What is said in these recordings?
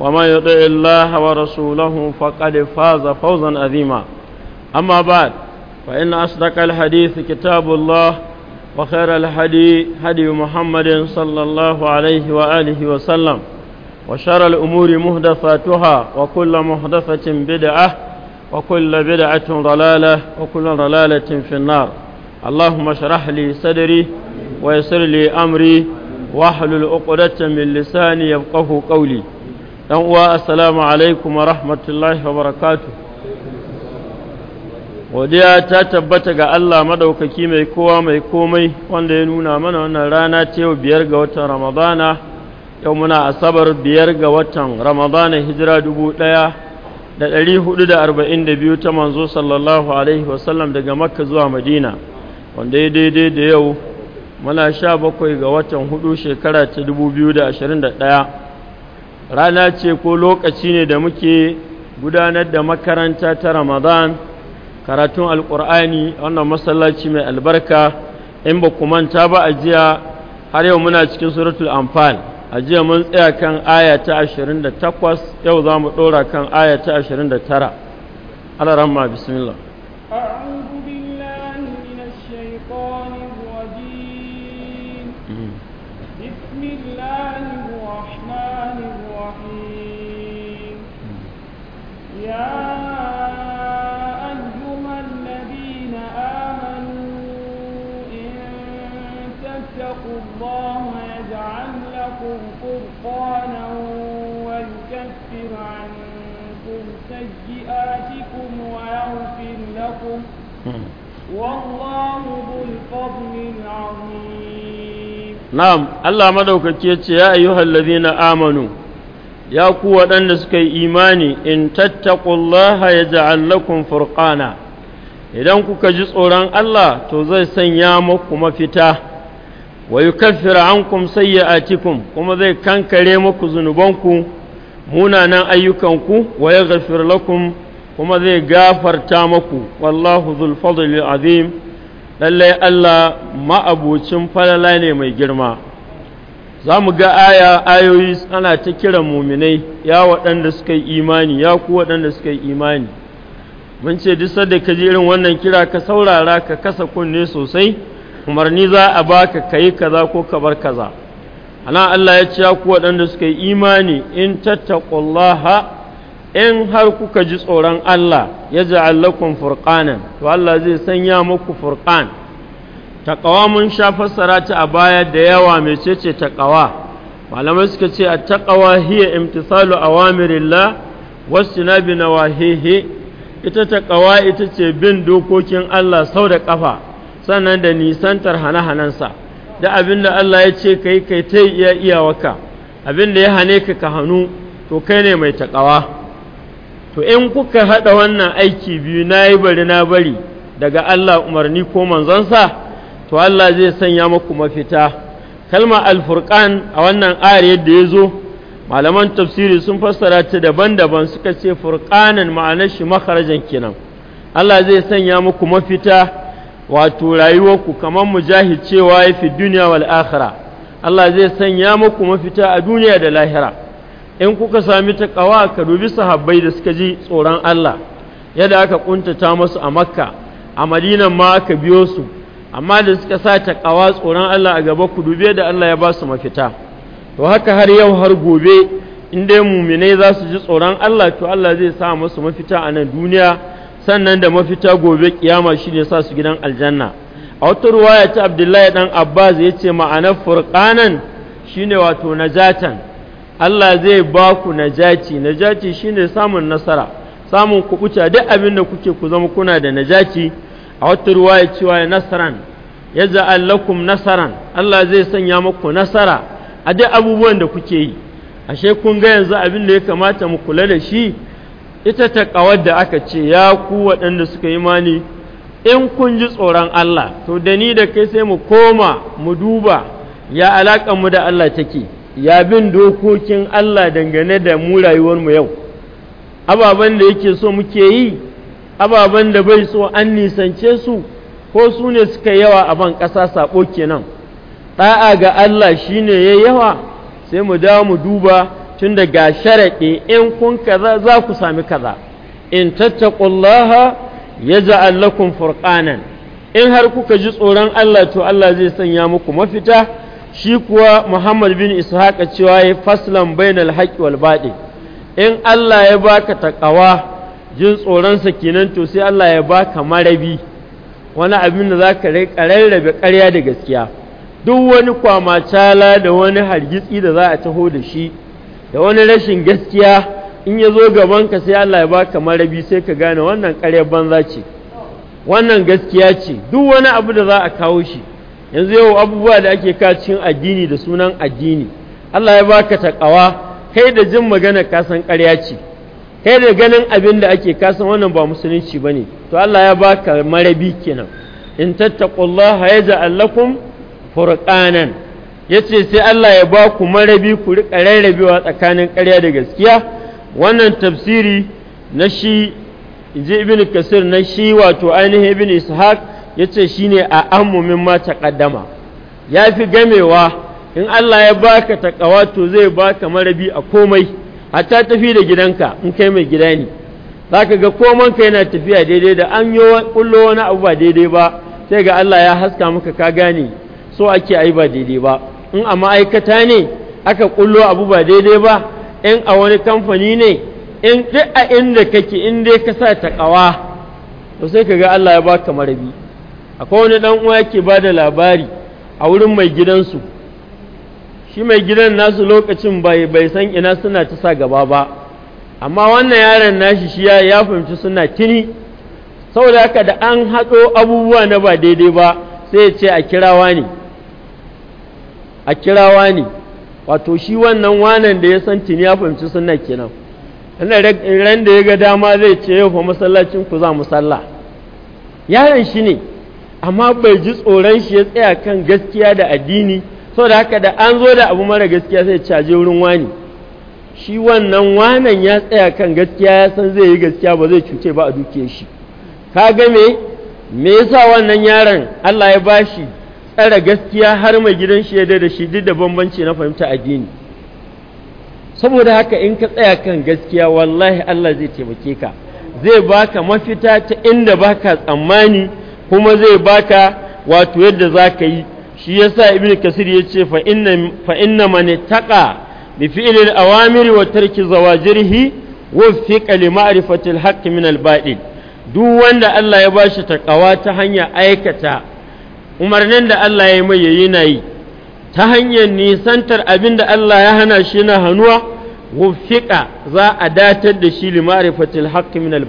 ومن يطع الله ورسوله فقد فاز فوزا عظيما أما بعد فإن أصدق الحديث كتاب الله وخير الهدي هدي محمد صلى الله عليه وآله وسلم وشر الأمور مهدفاتها وكل مهدفة بدعة وكل بدعة ضلالة وكل ضلالة في النار اللهم اشرح لي صدري ويسر لي أمري واحلل عقدة من لساني يفقه قولي dan uwa assalamu alaikum wa rahmatullahi wa barakatu godiya ta tabbata ga Allah madaukaki mai kowa mai komai wanda ya nuna mana wannan rana ta yau biyar ga watan ramadana yau muna asabar biyar ga watan ramadana hijira dubu ɗaya da ɗari hudu da arba'in da biyu ta manzo sallallahu alaihi wasallam daga makka zuwa madina wanda ya daidai da yau muna sha bakwai ga watan hudu shekara ta dubu biyu da ashirin da ɗaya rana ce ko lokaci ne da muke gudanar da makaranta ta ramadan karatun alkur'ani wannan masallaci mai albarka in ba ku manta ba a jiya har yau muna cikin suratul anfal a jiya mun tsaya kan aya ta 28 yau za mu ɗora kan aya ta 29 alaramma bismillah Na’am, Allah madaukake ce, “Ya ayi hallazi na amanu, ya ku waɗanda suka yi imani in tatta ƙulla ha yi ja’allakun idan kuka ji tsoron Allah to zai sanya maku mafita, Wai yi kafira an kun sayi a kuma zai kankare maku zunubanku, muna nan ayyukanku, waya yi gafirlakun kuma zai gafarta maku wallahu dhul azim lallai Allah ma'abucin falala ne mai girma za mu ga aya ayoyi ana ta kira muminai ya waɗanda suka yi imani ya ku waɗanda suka yi imani mun ce duk sadda ka ji irin wannan kira ka saurara ka kasa kunne sosai umarni za a baka kayi kaza ko ka bar kaza ana Allah ya ce ya ku waɗanda suka yi imani in tattaqullaha in har kuka ji tsoron Allah ya ji allakun furƙanan to Allah zai sanya muku Ta ƙawa mun sha fassara ta a baya da yawa mecece ƙawa. malamai suka ce a taqawa hiya imtisalu bi na wahihi ita ƙawa ita ce bin dokokin Allah sau da ƙafa, sannan da nisantar hana-hanansa da abin da Allah ya ce kai kai ta iya iyawaka abin da ya hane ka ka hannu to kai ne mai taƙawa. to in kuka haɗa wannan aiki biyu na yi bari na bari daga Allah umarni ko sa, to Allah zai sanya muku mafita kalma alfurkan a wannan ayar yadda ya zo malaman tafsiri sun fassara ta daban-daban suka ce furqanan ma'anar shi makarajan kenan Allah zai sanya muku mafita wato rayuwarku kamar mujahid cewa ya fi duniya wal akhirah Allah zai sanya muku mafita a duniya da lahira in kuka sami kawa ka dubi sahabbai da suka ji tsoron Allah yadda aka kuntata masu a makka a madinan ma aka biyo su amma da suka sa ta ƙawa tsoron Allah a gaba ku dubi da Allah ya ba su mafita to haka har yau har gobe in dai muminai za su ji tsoron Allah to Allah zai sa masu mafita a nan duniya sannan da mafita gobe kiyama ne sa su gidan aljanna a wata ruwaya ta Abdullahi dan Abbas ya ce ma'anar furqanan shine wato najatan Allah zai ba ku najaci najaci shine samun nasara samun kuce duk abin da kuke ku zama kuna da najaci a wata ruwaya cewa ya nasaran ya ja'al lakum nasaran Allah zai sanya muku nasara a duk abubuwan da kuke yi ashe kun ga yanzu abin da ya kamata mu kula da shi ita ta kawar da aka ce ya ku waɗanda suka yi mani in kun ji tsoron Allah to da ni da kai sai mu koma mu duba ya alakan mu da Allah take ya bin dokokin Allah dangane da mu rayuwarmu yau ababen da yake so muke yi ababen da bai so an nisance su ko su ne suka yawa a ban ƙasa saɓo kenan ɗa'a ga Allah shi ne ya yawa sai mu dawo mu duba tun daga sharaɗe in kun kaza za ku sami kaza in tattaqullaha yaj'al lakum furqanan in har kuka ji tsoron Allah to Allah zai sanya muku mafita shi kuwa Muhammad bin Ishaqa cewa ya faslan bainal haqqi wal baɗi in Allah ya baka takawa jin tsoronsa kenan to sai Allah ya baka marabi wani abin da zaka rarrabe ƙarya da gaskiya duk wani kwamacala da wani hargitsi da za a taho da shi da wani rashin gaskiya in ya zo gabanka sai Allah ya baka marabi sai ka gane wannan ƙarya banza ce wannan gaskiya ce duk wani abu da za a kawo shi yanzu yau abubuwa da ake kacin addini da sunan addini Allah ya baka takawa kai da jin magana kasan ƙarya ce kai da ganin abin da ake kasan wannan ba musulunci bane to Allah ya baka marabi kenan in tattaqullaha yaj'al lakum furqanan yace sai Allah ya ba ku marabi ku rika rarrabewa tsakanin ƙarya da gaskiya wannan tafsiri na shi je ibn kasir na shi wato ainihin ibn ishaq ya ce shi ne a amumin mata ƙaddama. ya fi gamewa in Allah ya baka taƙawa to zai baka marabi a komai hatta tafi da gidanka in kai mai gida ne za ka ga komanka yana tafiya daidai da an yi kullo wani abu ba daidai ba sai ga Allah ya haska maka ka gane so ake ai ba daidai ba in a ma'aikata ne aka kullo abu ba daidai ba in a wani kamfani ne in duk a inda kake in dai ka sa taƙawa to sai ka ga Allah ya baka marabi akwai wani dan uwa yake ba da labari a wurin mai gidansu shi mai gidan nasu lokacin bai bai san ina suna ta sa gaba ba amma wannan yaron nashi shi ya fahimci suna kini saboda haka da an haɗo abubuwa na ba daidai ba sai ya ce a kirawa ne a kirawa ne wato shi wannan wanan da ya san tini ya fahimci suna kenan ina ran da ya ga dama zai ce yau fa masallacin ku za mu sallah yaron shi ne amma bai ji tsoron shi ya tsaya kan gaskiya da addini saboda haka da an zo da abu mara gaskiya sai caje wurin wani shi wannan wanan ya tsaya kan gaskiya ya san zai yi gaskiya ba zai cuce ba a dukiyar shi ka ga me me yasa wannan yaron Allah ya bashi tsara gaskiya har mai gidan shi ya da shi duk da bambanci na fahimta addini saboda haka in ka tsaya kan gaskiya wallahi Allah zai taimake ka zai baka mafita ta inda baka tsammani kuma zai baka wato yadda za ka yi shi yasa ibn kasir ya ce fa inna taƙa taqa bi fi'l awamiri wa tarki zawajirhi Wafiƙa li ma'rifati al-haqq min al duk wanda Allah ya bashi takawa ta hanya aikata umarnin da Allah ya mai yana yi ta hanyar nisantar abin da Allah ya hana shi na hannuwa? Wafiƙa za a datar da shi li ma'rifati al-haqq min al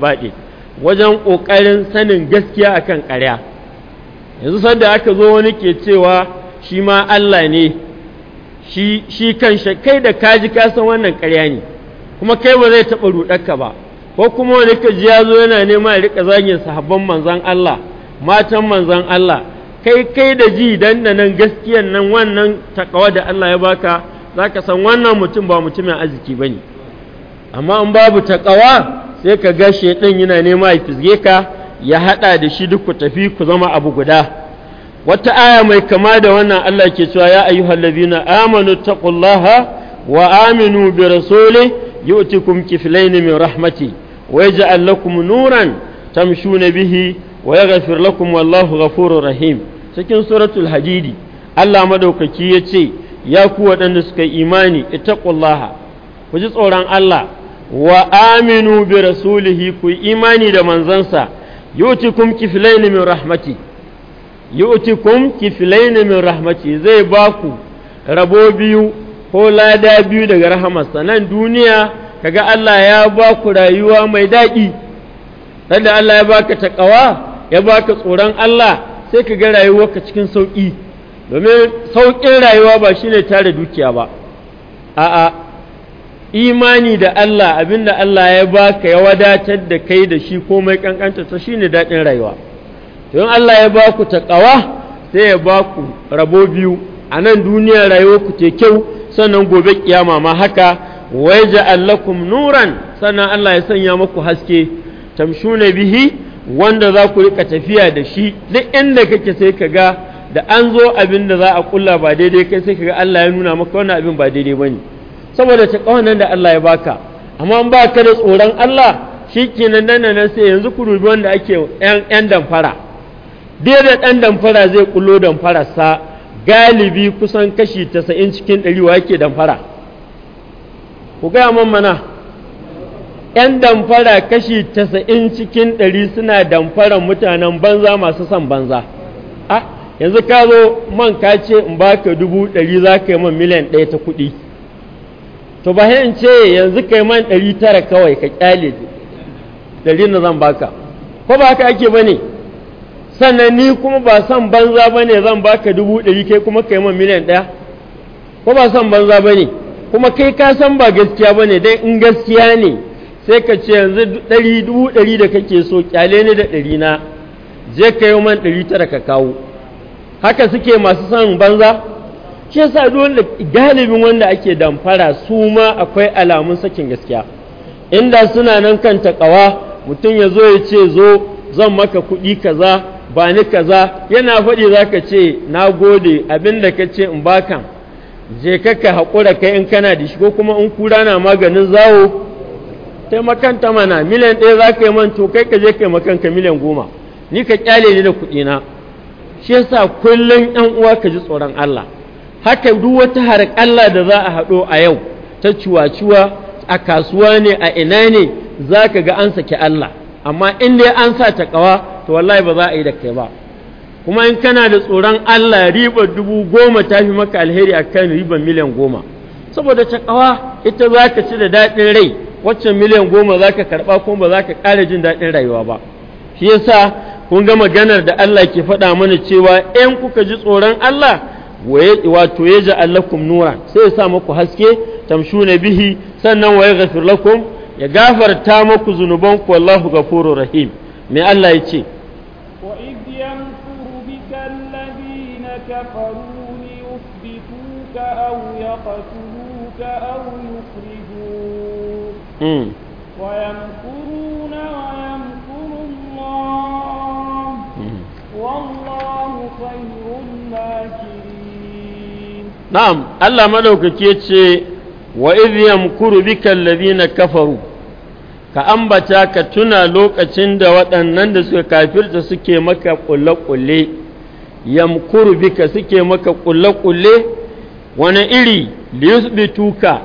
wajen ƙoƙarin sanin gaskiya akan ƙarya yanzu sanda aka zo wani ke cewa shi ma Allah ne shi kan kai da kaji ka wannan ƙarya ne kuma kai ba zai taɓa ruɗaka ba ko kuma wani ka ji ya zo yana nema ya rika zagin sahabban manzan Allah matan manzan Allah kai kai da ji dan nan gaskiyan nan wannan takawa da Allah ya baka za ka san wannan mutum ba mutumin arziki ne. amma in babu takawa sai ka ga shaidan yana nema ya fizge ka ya haɗa da shi duk ku tafi ku zama abu guda wata aya mai kama da wannan Allah ke cewa ya ayyuhal ladina amanu taqullaha wa aminu bi rasuli yu'tikum kiflayn min rahmati wa yaj'al lakum nuran tamshuna bihi wa yaghfir lakum wallahu ghafurur rahim cikin suratul hadidi Allah madaukaki yace ce ya ku waɗanda suka imani ittaqullaha ku ji tsoron Allah wa aminu bi rasulihi ku imani da manzansa yu'tikum kiflain min rahmati yu'tikum kiflain min rahmati zai ba ku rabo biyu ko lada biyu daga rahamarsa nan duniya kaga Allah ya ba ku rayuwa mai daɗi sanda Allah ya baka takawa ya baka tsoron Allah sai ka ga ka cikin sauƙi domin sauƙin rayuwa ba shine tare dukiya ba a'a imani da Allah abinda Allah ya baka ya wadatar da kai da shi komai kankanta ta shine daɗin rayuwa to in Allah ya baku taqawa sai ya baku rabo biyu a nan duniya rayuwar ku ce kyau sannan gobe kiyama ma haka waja'al lakum nuran sannan Allah ya sanya muku haske tamshuna bihi wanda za ku rika tafiya da shi duk inda kake sai ka ga da an zo abin da za a kulla ba daidai kai sai ka ga Allah ya nuna maka wannan abin ba daidai bane saboda ta kawanan da Allah ya baka amma in ka da tsoron Allah shi nan nan sai yanzu ku rubi wanda ake yan damfara dai da ɗan damfara zai kullo damfararsa galibi kusan kashi tasa'in cikin ɗari wa yake damfara ku gaya man mana ‘yan damfara kashi tasa'in cikin ɗari suna damfaran mutanen banza masu son banza a yanzu ka zo man ka ce in baka dubu ɗari za ka yi man miliyan ɗaya ta kuɗi to ba in ce yanzu kai man 900 tara kawai ka kyale ɗari na zan baka ko ba haka ake ba ne sannan ni kuma ba son banza ba ne zan baka dubu ɗari kai kuma kai man miliyan ɗaya ko ba son banza ba ne kuma kai ka san ba gaskiya ba ne dai in gaskiya ne sai ka ce yanzu ɗari dubu ɗari da kake so kyale ni da ɗari na je ka yi man 900 tara ka kawo haka suke masu son banza shi yasa duk wanda galibin wanda ake damfara su ma akwai alamun sakin gaskiya inda suna nan kan takawa mutum ya zo ya ce zo zan maka kuɗi kaza ba ni kaza yana faɗi za ka ce na gode abin da ka ce in bakan je ka ka haƙura kai in kana da shi ko kuma in kura na maganin zawo makanta mana miliyan ɗaya za ka yi man to kai ka je kai makanka miliyan goma ni ka ƙyale ni da kuɗina shi yasa kullum 'yan uwa ka ji tsoron Allah haka duk wata harƙalla da za a haɗo a yau ta ciwa-ciwa a kasuwa ne a ina ne za ka ga an saki Allah amma in dai an sa taƙawa to wallahi ba za a yi da kai ba kuma in kana da tsoron Allah riba dubu goma ta fi maka alheri a kan ribar miliyan goma saboda ta taƙawa ita za ka ci da daɗin rai waccan miliyan goma za ka karɓa ko ba za ka ƙara jin daɗin rayuwa ba shi yasa kun ga maganar da Allah ke faɗa mana cewa in kuka ji tsoron Allah wato ya ja'al lakum nura sai ya sa muku haske tamshu na bihi sannan wa ga lakum ya gafarta muku zunubanku wallahu ghafurur rahim me Allah ya ce wa id yamkuru bika alladhina kafaru yuthbituka aw yaqtuluka aw yukhrijuka hmm. wa yamkuru na'am Allah madaukake ce wa idh yamkuru bika alladhina kafaru ka ambata ka tuna lokacin da waɗannan da suka kafirta suke maka kulle-kulle yamkuru bika suke maka kulle-kulle wani iri liyusbituka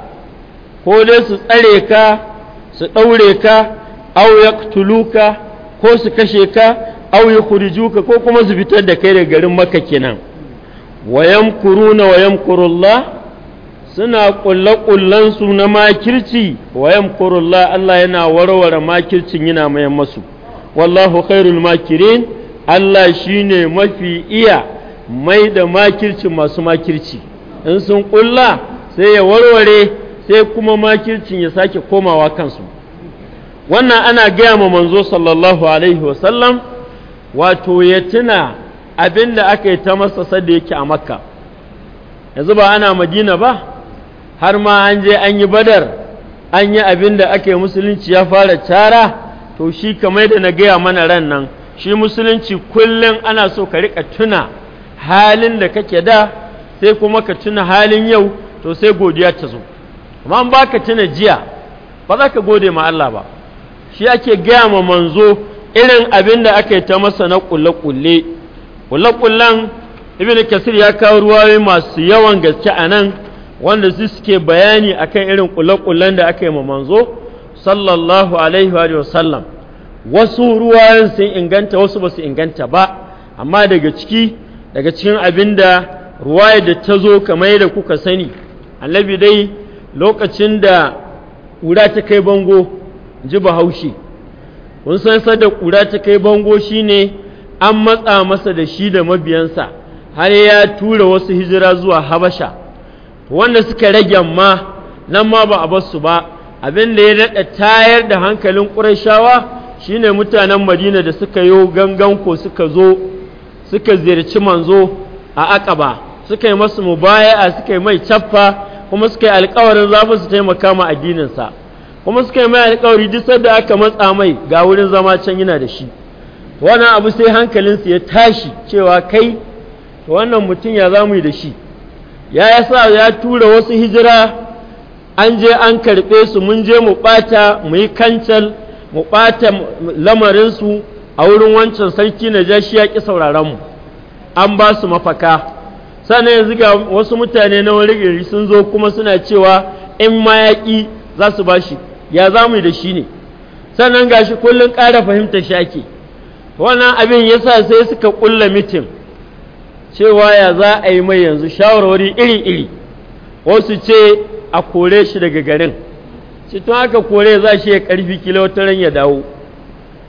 ko dai su tsare ka su daure ka au yaqtuluka ko su kashe ka au yukhrijuka ko kuma su fitar da kai daga garin maka kenan wa na wa suna kulle kullen su na makirci wa yamkuru Allah yana warware makircin yana mai masu wallahu khairul makirin Allah shine mafi iya mai da makirci masu makirci in sun kulla sai ya warware sai kuma makircin ya sake komawa kansu wannan ana gaya ma manzo sallallahu alaihi wasallam wato ya tuna abin da aka yi ta masa sadda yake a makka yanzu ba ana madina ba har ma an je an yi badar an yi abin da aka yi musulunci ya fara cara to shi kamar da na gaya mana ran nan shi musulunci kullum ana so ka riƙa tuna halin da kake da sai kuma ka tuna halin yau to sai godiya ta zo amma an baka tuna jiya ba za ka gode ma Allah ba shi ake gaya ma manzo irin abin da aka yi ta masa na ƙulle-ƙulle kullakullan ibn kasir ya kawo ruwaye masu yawan gaske a nan wanda su suke bayani akan irin kullakullan da aka yi ma manzo sallallahu alaihi wa sallam wasu ruwayen sun inganta wasu ba su inganta ba amma daga ciki daga cikin abin da ruwaya da ta zo kamar da kuka sani annabi dai lokacin da ƙura ta kai bango ji bahaushe kun san sadda ƙura ta kai bango shine an matsa masa da shi da mabiyansa har ya tura wasu hijira zuwa habasha wanda suka rage ma nan ma ba a basu ba abin da ya daɗa tayar da hankalin ƙurashawa shine mutanen madina da suka yo gangan ko suka zo suka ziyarci manzo a akaba suka yi masu mubaya'a suka yi mai caffa kuma suka yi alƙawarin za su taimaka ma addininsa kuma suka yi mai alkawari duk sanda aka matsa mai ga wurin zama can yana da shi wani abu sai hankalinsu ya tashi cewa kai wannan mutum ya za mu yi da shi ya yasa ya tura wasu hijira an je an karɓe su mun je mu ɓata mu yi kancal mu ɓata lamarinsu a wurin wancan sarki na ja shi ya ƙi sauraron mu an ba su mafaka sannan yanzu ga wasu mutane na wani gari sun zo kuma suna cewa in ma ya ƙi za su ba shi ya mu yi da shi ne sannan ga shi kullum ƙara fahimtar shi ake wannan abin ya sa sai suka ƙulla mitin cewa ya za a yi mai yanzu shawarwari iri-iri wasu ce a kore shi daga garin cikin aka kore za shi ya karfi kila wata ran ya dawo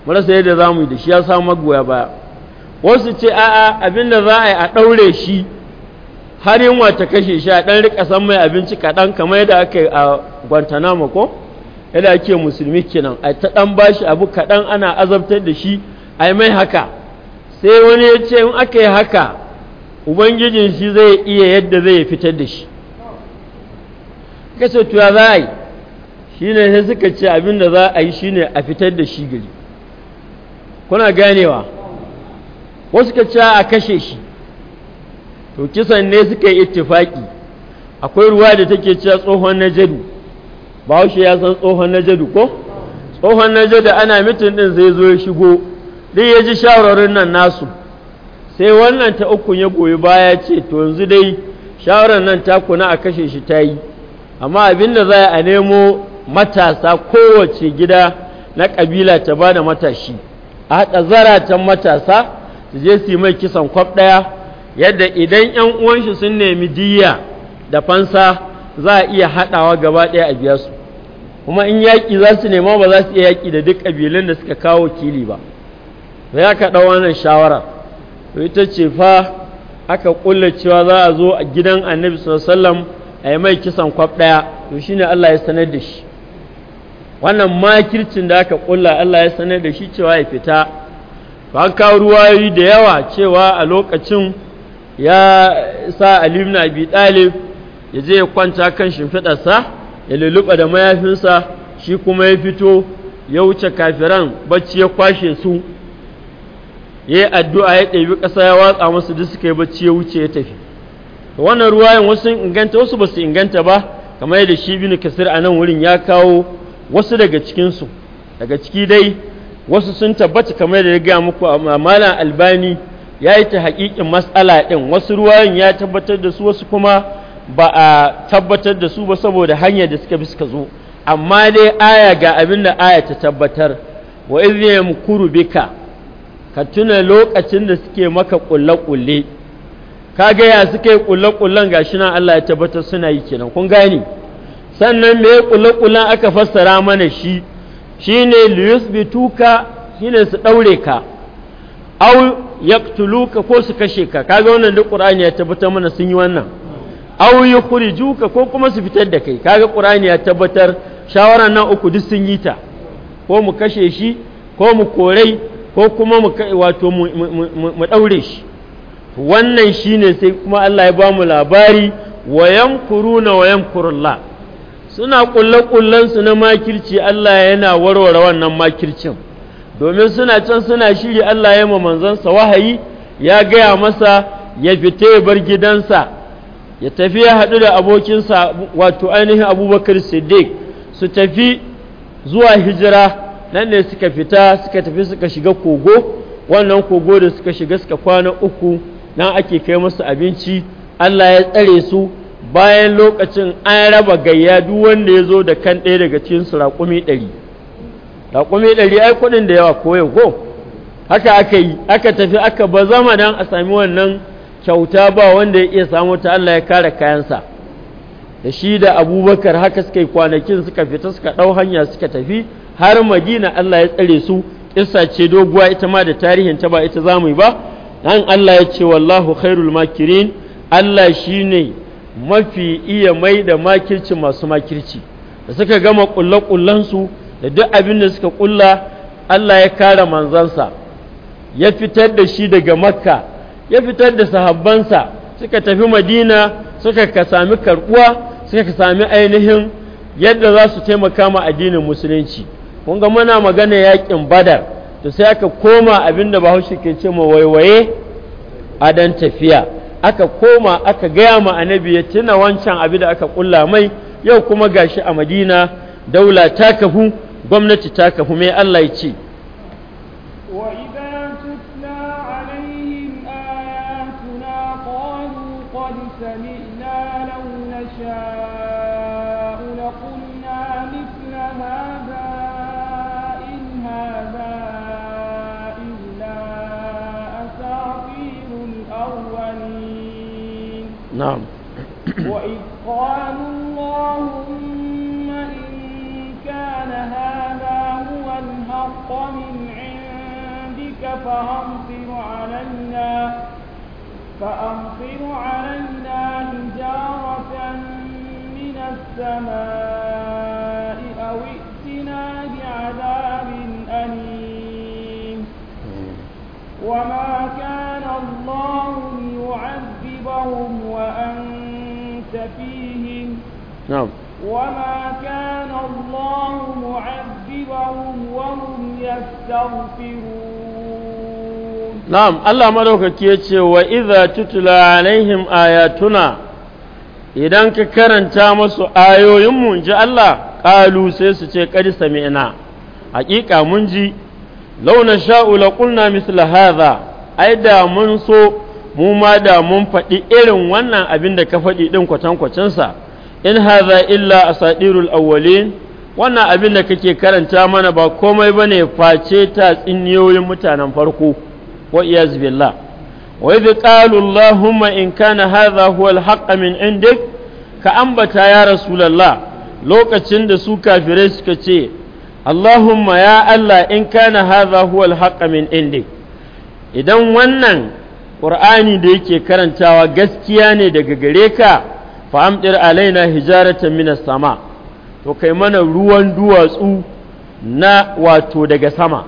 marasa yadda za mu yi da shi ya samu magoya baya wasu ce a'a abin da za a yi a ɗaure shi har yin wata kashe shi a ɗan riƙa san mai abinci kaɗan kamar yadda aka yi a guantanamo ko yadda ake musulmi kenan a ta ɗan bashi abu kaɗan ana azabtar da shi ai mai haka sai wani ya ce in aka yi haka ubangijin shi zai iya yadda zai fitar da shi kashe tuwa za a yi shi ne sai suka ce abin da za a yi shi ne a fitar da shi gari kuna ganewa wasu ka ce a kashe shi to kisan ne suka yi ittifaki akwai ruwa da take cewa tsohon najadu bahaushe ya san tsohon najadu ko tsohon najadu ana mitin din zai zo ya shigo duk ya ji shawarorin nan nasu sai wannan ta ukun ya goyi baya ce to yanzu dai shawarar nan ta kuna a kashe shi ta yi amma abin da za a nemo matasa kowace gida na ƙabila ta ba da matashi a haɗa zaratan matasa su je su yi mai kisan kwaf ɗaya yadda idan 'yan uwanshi sun nemi diya da fansa za a iya haɗawa gaba ɗaya a biya su kuma in yaƙi za su nema ba za su iya yaƙi da duk ƙabilun da suka kawo kili ba sai aka ɗau wannan shawara to ita ce fa aka ƙulla cewa za a zo a gidan annabi sallam a yi mai kisan kwaf ɗaya to shine Allah ya sanar da shi wannan makircin da aka ƙulla Allah ya sanar da shi cewa ya fita an kawo ruwayoyi da yawa cewa a lokacin ya sa Ali ibn Abi Talib ya je ya kwanta kan shimfiɗarsa ya lulluɓa da mayafinsa shi kuma ya fito ya wuce kafiran bacci ya kwashe su ya yi addu'a ya ɗabi ƙasa ya watsa musu da suka yi bacci ya wuce ya tafi wannan ruwayan wasu inganta wasu ba su inganta ba kamar yadda shi bin kasir a nan wurin ya kawo wasu daga cikinsu daga ciki dai wasu sun tabbata kamar yadda ya gaya muku amma malam albani ya yi ta haƙiƙin matsala ɗin wasu ruwayen ya tabbatar da su wasu kuma ba a tabbatar da su ba saboda hanyar da suka bi suka zo amma dai aya ga abin da aya ta tabbatar wa iz yamkuru bika ka tuna lokacin da suke maka ƙulle-ƙulle ka gaya suke ƙulle-ƙullen ga shi nan Allah ya tabbatar suna yi kenan kun gani sannan me ƙulle-ƙullen aka fassara mana shi shi ne liyus bituka shi ne su ɗaure ka au ka ko su kashe ka ka ga wannan duk ƙur'ani ya tabbatar mana sun yi wannan au yukhrijuka ko kuma su fitar da kai ka ga ƙur'ani ya tabbatar shawara nan uku duk sun yi ta ko mu kashe shi ko mu korai ko kuma mu wato mu ɗaure shi wannan shine sai kuma Allah ya ba mu labari wa yamkuruna wa yamkurullah suna ƙulle-kullen su na makirci Allah yana warware wannan makircin domin suna can suna shiri Allah ya ma manzansa wahayi ya gaya masa ya fita ya bar gidansa ya tafi ya haɗu da abokinsa wato ainihin abubakar siddiq su tafi zuwa hijira nan ne suka fita suka tafi suka shiga kogo wannan kogo da suka shiga suka kwana uku nan ake kai musu abinci Allah ya tsare su bayan lokacin an raba gayya duk wanda ya zo da kan ɗaya daga cikin su raƙumi ɗari raƙumi ɗari ai kuɗin da yawa koyo ko haka aka yi aka tafi aka ba zama dan a sami wannan kyauta ba wanda ya iya samu ta Allah ya kare kayansa da shi da abubakar haka suka yi kwanakin suka fita suka ɗau hanya suka tafi har madina Allah ya tsare su kissa ce doguwa ita ma da tarihin ta ba ita zamu yi ba an Allah ya ce wallahu khairul makirin Allah shine mafi iya mai da makirci masu makirci da suka gama kullakullan su da duk abin da suka kulla Allah ya kare manzansa ya fitar da shi daga makka ya fitar da sahabbansa suka tafi madina suka ka sami karbuwa suka ka sami ainihin yadda za su taimaka ma addinin musulunci kun ga mana magana yakin badar to sai aka koma abinda bahaushe ke ce ma waiwaye a dan tafiya aka koma aka gaya ma annabi ya tuna wancan abin da aka kulla mai yau kuma gashi a madina daula ta kafu gwamnati ta kafu mai allah ya ce نعم وإذ قالوا اللهم إن كان هذا هو الحق من عندك فأمطر علينا فأمطر علينا حجارة من السماء أو ائتنا بعذاب أليم وما كان الله ليعذبهم وما كان الله معذبهم وهم يستغفرون نعم الله ملوكك يتشي وإذا تتلى عليهم آياتنا idan ka karanta masu ayoyinmu in ji Allah ƙalu sai su ce ƙari sami'na haƙiƙa mun ji launa sha'u la ƙulna misla hadha ai da mun so mu ma da mun faɗi irin wannan abin da ka faɗi ɗin kwatankwacinsa in haza illa asadirul awwalin wannan abin da kake karanta mana ba komai bane face ta tsinniyoyin mutanen farko wa iyaz billah wa idh qalu allahumma in kana hadha huwa alhaq min indik ka ambata ya rasulullah lokacin da su kafirai suka ce allahumma ya allah in kana hadha huwa alhaq min indik idan wannan qur'ani da yake karantawa gaskiya ne daga gare ka fa'amtir alaina hijaratan mina sama to kai mana ruwan duwatsu na wato daga sama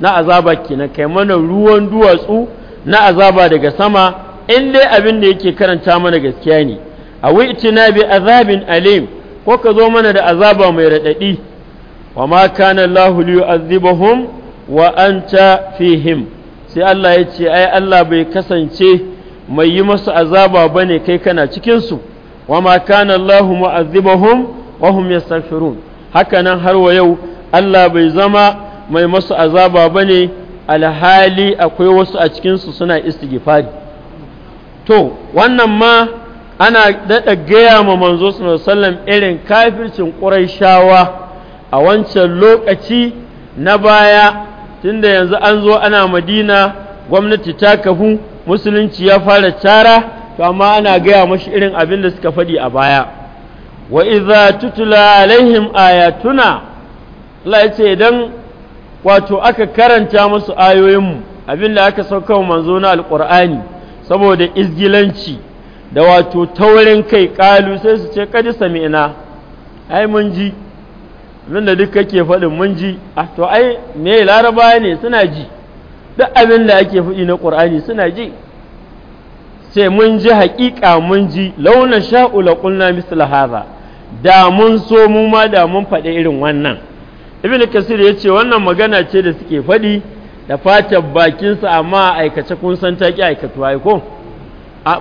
na azaba kenan kai mana ruwan duwatsu na azaba daga sama in dai abin da yake karanta mana gaskiya ne a na bi azabin alim ko ka zo mana da azaba mai raɗaɗi wa ma kana Allahu liyu'adhibahum wa anta fihim sai Allah ya ce ai Allah bai kasance mai yi masu azaba bane kai kana cikinsu?" wa ma kana Allah mu'azzibahum wa hum haka nan har wa yau Allah bai zama mai masu azaba bane alhali akwai wasu a cikin su suna istighfari to wannan ma ana daɗa gaya ma manzo sallam irin kafircin ƙuraishawa a wancan lokaci na baya tunda yanzu an zo ana madina gwamnati ta kafu musulunci ya fara tara. to amma ana gaya mashi irin abin da suka faɗi a baya wa iza tutula alaihim ayatuna Allah ya ce idan wato aka karanta musu ayoyinmu abin da aka sauka wa manzo na alƙur'ani saboda izgilanci da wato taurin kai kalu sai su ce kadi sami'na ai mun ji abin da duk kake faɗin mun ji ah to ai me laraba ne suna ji duk abin da ake faɗi na ƙur'ani suna ji ce mun ji haƙiƙa mun ji launa sha'ula kunna qulna misla da mun so mu ma da mun faɗi irin wannan ibnu kasir ya ce wannan magana ce da suke faɗi da fatar bakinsa amma aikace kun san ta ki aikatuwa ko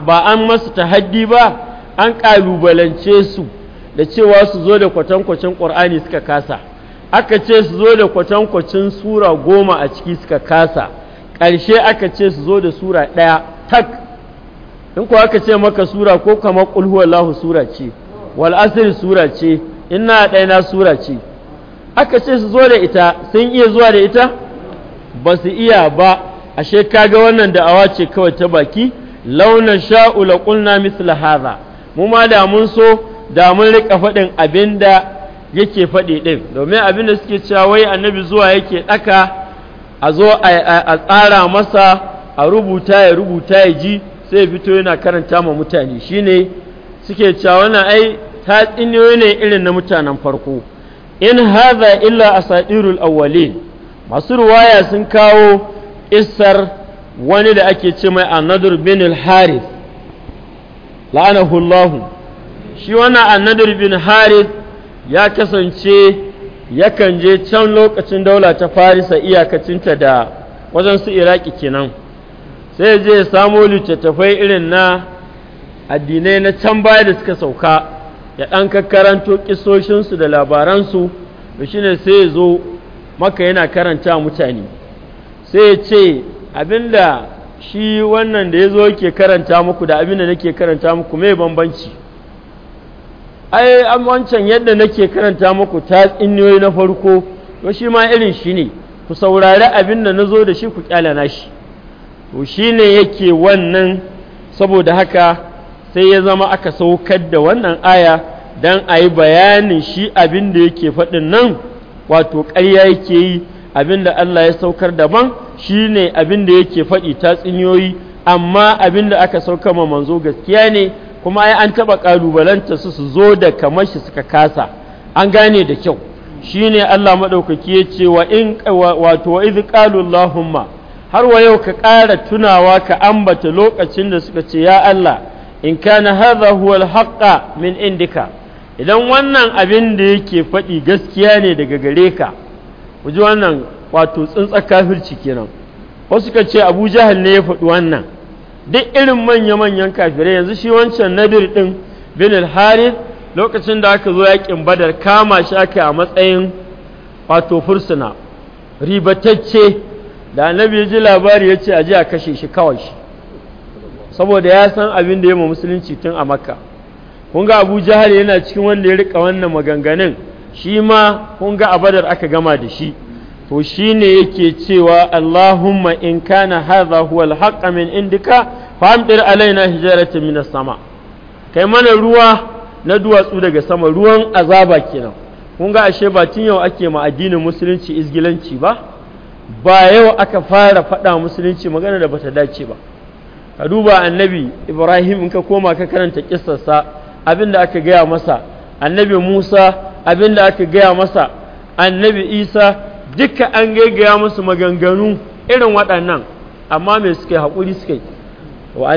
ba an masu tahaddi ba an ƙalubalance su da cewa su zo da kwatankwacin ƙur'ani suka kasa aka ce su zo da kwatankwacin sura goma a ciki suka kasa ƙarshe aka ce su zo da sura ɗaya tak in ku aka ce maka sura ko kamar ƙulhuwallahu sura ce wal asiri sura ce ina ɗaina sura ce aka ce su zo da ita sun iya zuwa da ita ba su iya ba ashe kaga wannan da awa ce kawai ta baki Launin sha'u la qulna misla mu ma da mun so da mun rika faɗin da yake faɗi ɗin domin abin da suke cewa wai annabi zuwa yake ɗaka a zo a tsara masa a rubuta ya rubuta ya ji sai fito yana karanta ma mutane shi ne suke cewa wannan ai tatsuniyoyi ne irin na mutanen farko in haza illa a asatirul awali, masu ruwaya sun kawo isar wani da ake ce mai annadur bin al-harith la'anahu Allah shi wannan annadur bin harith ya kasance yakan je can lokacin daula ta farisa iyakacinta da wajen su iraki kenan sai je ya samo littattafai irin na addinai na can baya da suka sauka ya ɗan kakkaranto ƙisoshinsu da labaransu da shi ne sai ya zo maka yana karanta mutane sai ya ce abinda shi wannan da ya zo ke karanta muku da abinda nake karanta muku mai bambanci ai wancan yadda nake karanta muku ta na farko to shi ma irin shi ne ku saurari abinda na zo da shi ku kyalana shi to shi ne yake wannan saboda haka sai ya zama aka saukar da wannan aya don a yi bayanin shi abin da yake faɗin nan wato ƙarya yake yi abin da Allah ya saukar daban shi ne abin da yake faɗi ta tsiniyoyi amma abin da aka sauka ma manzo gaskiya ne kuma ai an taɓa ƙalubalanta su su zo da kamar shi suka kasa an gane da kyau shi ne Allah maɗaukaki ya ce wa in wato wa iz qalu allahumma har wa yau ka ƙara tunawa ka ambata lokacin da suka ce ya Allah in kana hadha huwa al min indika idan wannan abin da yake faɗi gaskiya ne daga gare ka wuji wannan wato tsuntsar kafirci kenan wasu ka ce Abu Jahal ne ya faɗi wannan duk irin manya-manyan kafirai yanzu shi wancan Nadir din bin al-Harith lokacin da aka zo yakin Badar kama shi aka a matsayin wato fursuna ribatacce da annabi ya ji labari ya ce a ji a kashe shi kawai shi saboda ya san abin da ya ma musulunci tun a makka kun ga abu jahal yana cikin wanda ya rika wannan maganganun shi ma kun ga abadar aka gama da shi to shi ne yake cewa allahumma in kana hadha huwa alhaqqa min indika famtir alaina hijaratan min sama kai mana ruwa na duwatsu daga sama ruwan azaba kenan kun ga ashe ba tun yau ake ma addinin musulunci izgilanci ba ba yau aka fara faɗa musulunci magana da bata dace ba ka duba annabi ibrahim in ka koma ka karanta kissarsa abinda aka gaya masa annabi musa abinda aka gaya masa annabi isa duka an gaigaya musu maganganu irin waɗannan amma me suke hakuri haƙuri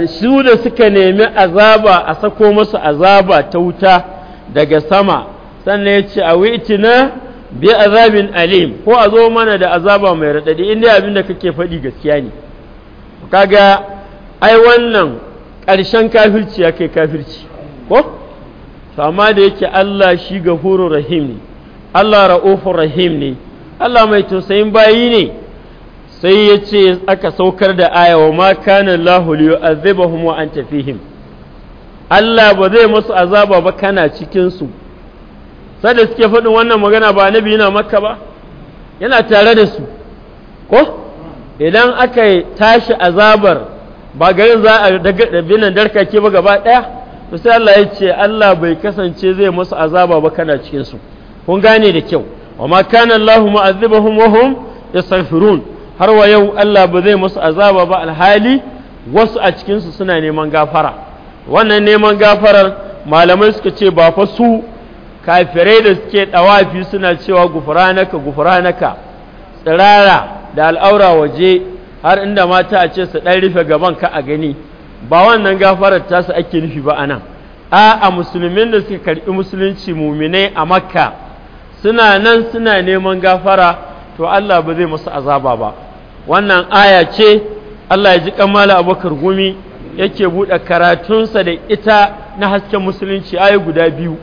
suke. su da suka nemi azaba a sako masu azaba ta wuta daga sama sannan ya ce a witina bi azabin alim ko a zo mana da azaba mai raɗaɗi inda abin da kake faɗi gaskiya ne kaga ai wannan ƙarshen kafirci ya kai kafirci ko amma da yake Allah shi gafuru rahim ne Allah ra'ufu rahim ne Allah mai tausayin bayi ne sai yace aka saukar da aya wa ma kana Allahu liyu'adhibahum wa anta fihim Allah ba zai masu azaba ba kana cikin su sai da suke faɗin wannan magana ba biyu yana makka ba yana tare da su ko idan aka tashi azabar ba garin za a daga binan darkake ba gaba ɗaya to sai Allah ya ce Allah bai kasance zai musu azaba ba kana cikinsu kun gane da kyau wa ma kana Allahu mu'azzibahum wa hum yastaghfirun har wa yau Allah ba zai musu azaba ba alhali wasu a cikinsu suna neman gafara wannan neman gafarar malamai suka ce ba fa su kafirai da suke ɗawafi suna cewa gufuranaka gufuranaka tsirara da al'aura waje har inda mata a ce su ɗan rufe gaban ka a gani ba wannan gafarar tasu ake nufi ba anan a a musulmin da suka karɓi musulunci muminai a makka suna nan suna neman gafara to Allah ba zai musu azaba ba wannan aya ce Allah ya ji kammala abokar gumi yake buɗe karatunsa da ita na hasken musulunci ayi guda biyu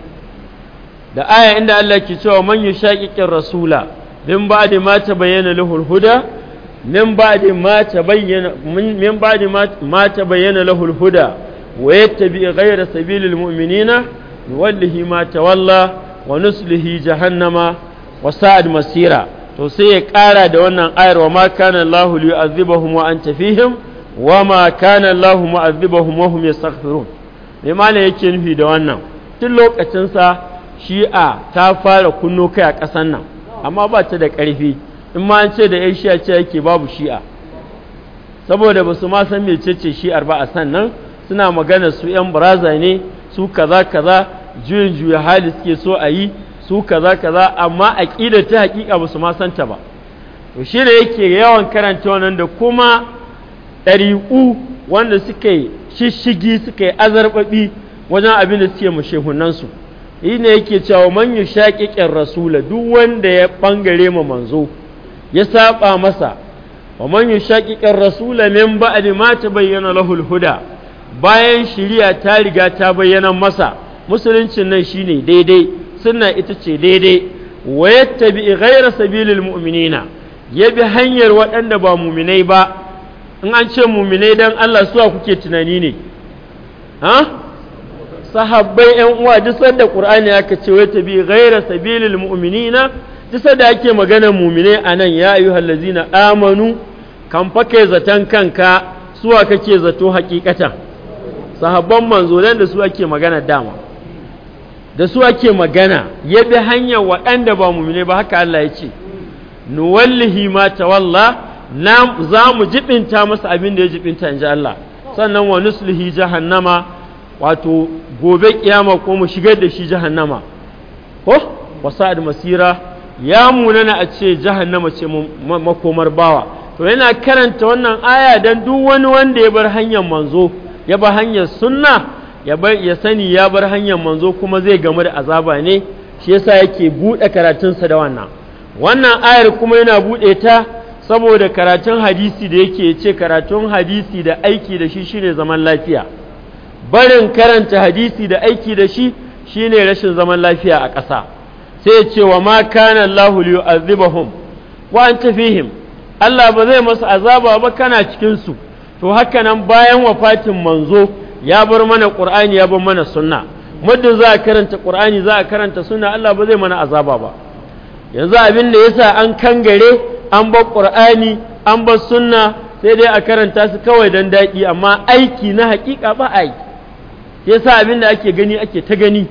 da aya inda Allah ke cewa man yushaqiqir rasula min ba ba'di ma bayyana lahul huda min ba'di ma tabayyana min ba'di ma tabayyana lahul huda wa yattabi ghayra sabilil mu'minina nuwallihi ma tawalla wa nuslihi jahannama wa sa'ad masira to sai ya ƙara da wannan ayar wa ma kana Allahu liyu'adhibahum wa anta fihim wa ma kana Allahu mu'adhibahum wa hum yastaghfirun me malam yake nufi da wannan tun lokacin sa shi'a ta fara kunno kai a ƙasar nan amma ba ta da ƙarfi in ma an ce da yan shi'a ce yake babu shi'a saboda ba su ma san mecece shi'ar ba a sannan suna magana su yan baraza ne su kaza kaza juyin juya hali suke so a yi su kaza kaza amma aƙida ta haƙiƙa ba su ma san ta ba to shi ne yake yawan karanta wannan da kuma ɗari'u wanda suke shishigi suke azarbaɓi wajen abin da suke mashehunansu shi ne yake cewa man yushaqiqir rasula duk wanda ya bangare ma manzo ya saba masa wa man yushaqiqir rasula min ba'di ma tabayyana lahu huda bayan shiriya ta riga ta bayyana masa musuluncin nan shine daidai sunna ita ce daidai wa yattabi ghayra sabilil mu'minina ya bi hanyar waɗanda ba muminai ba in an ce muminai dan Allah suwa kuke tunani ne ha sahabbai yan uwa duk sanda qur'ani aka ce wai tabi ghaira sabilil mu'minina duk sanda ake magana mu'mine anan ya ayyuhal damanu amanu kan fake zatan kanka suwa kake zato hakikatan sahabban manzo dan da su ake magana dama da su ake magana ya bi hanyar waɗanda ba mu'mine ba haka Allah ya ce nuwallihi ma tawalla na za mu jibinta masa abin da ya jibinta in ji Allah sannan wa nuslihi jahannama wato gobe kiyama ko mu shigar da shi jahannama ko wasa'ad masira ya munana a ce jahannama ce makomar bawa to yana karanta wannan aya dan duk wani wanda ya bar hanyar manzo ya bar hanyar sunna ya bar ya sani ya bar hanyar manzo kuma zai gamu da azaba ne shi yasa yake buɗe karatunsa da wannan wannan ayar kuma yana buɗe ta saboda karatun hadisi da yake ce karatun hadisi da aiki da shi shine zaman lafiya barin karanta hadisi da aiki da shi shine rashin zaman lafiya a ƙasa sai ya ce wa ma kana Allah liyu'adhibahum wa anta fihim Allah ba zai masu azaba ba kana cikin su to haka nan bayan wafatin manzo ya bar mana Qur'ani ya bar mana sunna muddin za a karanta ƙur'ani za a karanta suna, Allah ba zai mana azaba ba yanzu abin da yasa an kangare an bar ƙur'ani, an bar sunna sai dai a karanta su kawai don daɗi amma aiki na haƙiƙa ba aiki. ya sa abin da ake gani ake ta gani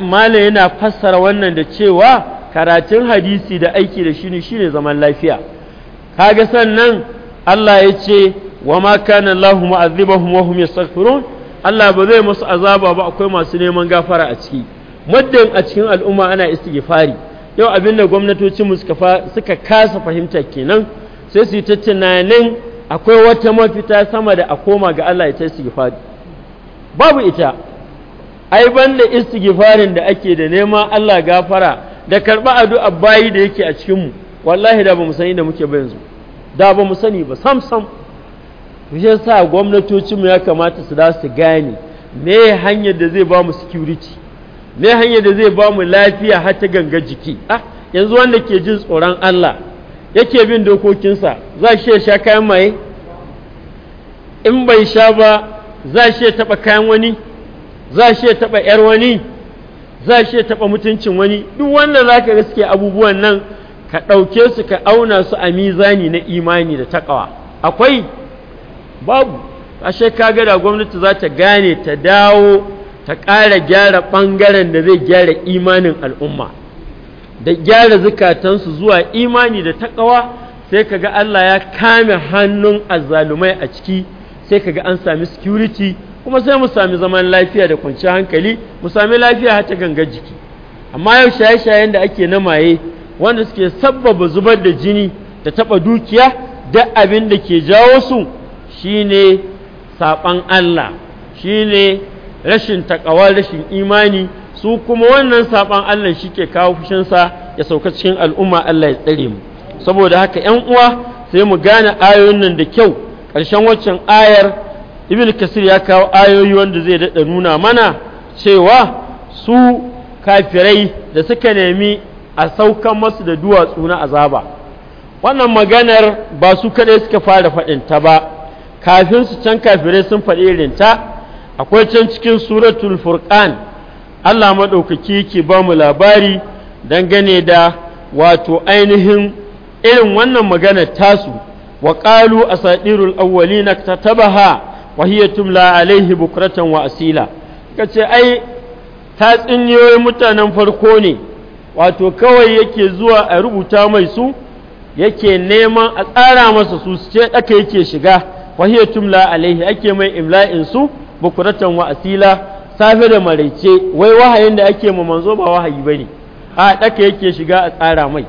mala yana fassara wannan da cewa karatun hadisi da aiki da shi ne ne zaman lafiya kaga sannan Allah ya ce wa ma kana Allahu mu'azzibahum wa hum yastaghfirun Allah ba zai masu azaba ba akwai masu neman gafara a ciki muddin a cikin al'umma ana istighfari yau abin da gwamnatoci suka kasa fahimta kenan sai su yi ta akwai wata mafita sama da a koma ga Allah ya ta istighfari babu ita ai banda istighfarin da ake da nema Allah gafara da karba addu'a bayi da yake a cikin mu wallahi da ba mu sani da muke ba yanzu da ba mu sani ba sam sam shi yasa gwamnatocin mu ya kamata su da su gane me hanyar da zai ba mu security me hanyar da zai ba mu lafiya har ta ganga jiki ah yanzu wanda ke jin tsoron Allah yake bin dokokinsa za shi ya sha kayan maye in bai sha ba za shi ya taɓa kayan wani za shi ya taɓa ‘yar wani za shi ya taɓa mutuncin wani duk wanda za ka gaske abubuwan nan ka ɗauke su ka auna su a mizani na imani da taƙawa akwai babu ashe ka ga da gwamnati za ta gane ta dawo ta ƙara gyara ɓangaren da zai gyara imanin al'umma da gyara zukatansu zuwa imani da taƙawa sai ka ga Allah ya kame hannun azzalumai a ciki sai kaga an sami security kuma sai mu sami zaman lafiya da kwanciyar hankali mu sami lafiya har ta gangar jiki amma yau shaye-shayen da ake na maye wanda suke sabbaba zubar da jini da taɓa dukiya da abin da ke jawo su shine saɓan Allah shine rashin takawa rashin imani su kuma wannan saɓan Allah shi ke kawo fushinsa ya sauka cikin al'umma Allah ya tsare mu saboda haka ‘yan uwa sai mu gane ayoyin nan da kyau ƙarshen waccan ayar ibn kasir ya kawo ayoyi wanda zai daɗa nuna mana cewa su kafirai da suka nemi a saukan masu da duwatsu na azaba wannan maganar ba su kadai suka fara faɗinta ba kafin su can kafirai sun faɗi irin ta. akwai can cikin suratul furqan Allah maɗaukaki ke ba mu labari dangane da wato ainihin irin wannan maganar tasu وقالوا qalu asatirul awwalina وهي تملى عليه tumla alaihi bukratan kace ai ta mutanen farko ne wato kawai yake zuwa a rubuta mai su yake neman a tsara masa su ce aka yake shiga wa hiya tumla alaihi ake mai imla'in su bukratan wa asila safe da maraice wai wahayin da ake ma manzo ba wahayi bane a ɗaka yake shiga a tsara mai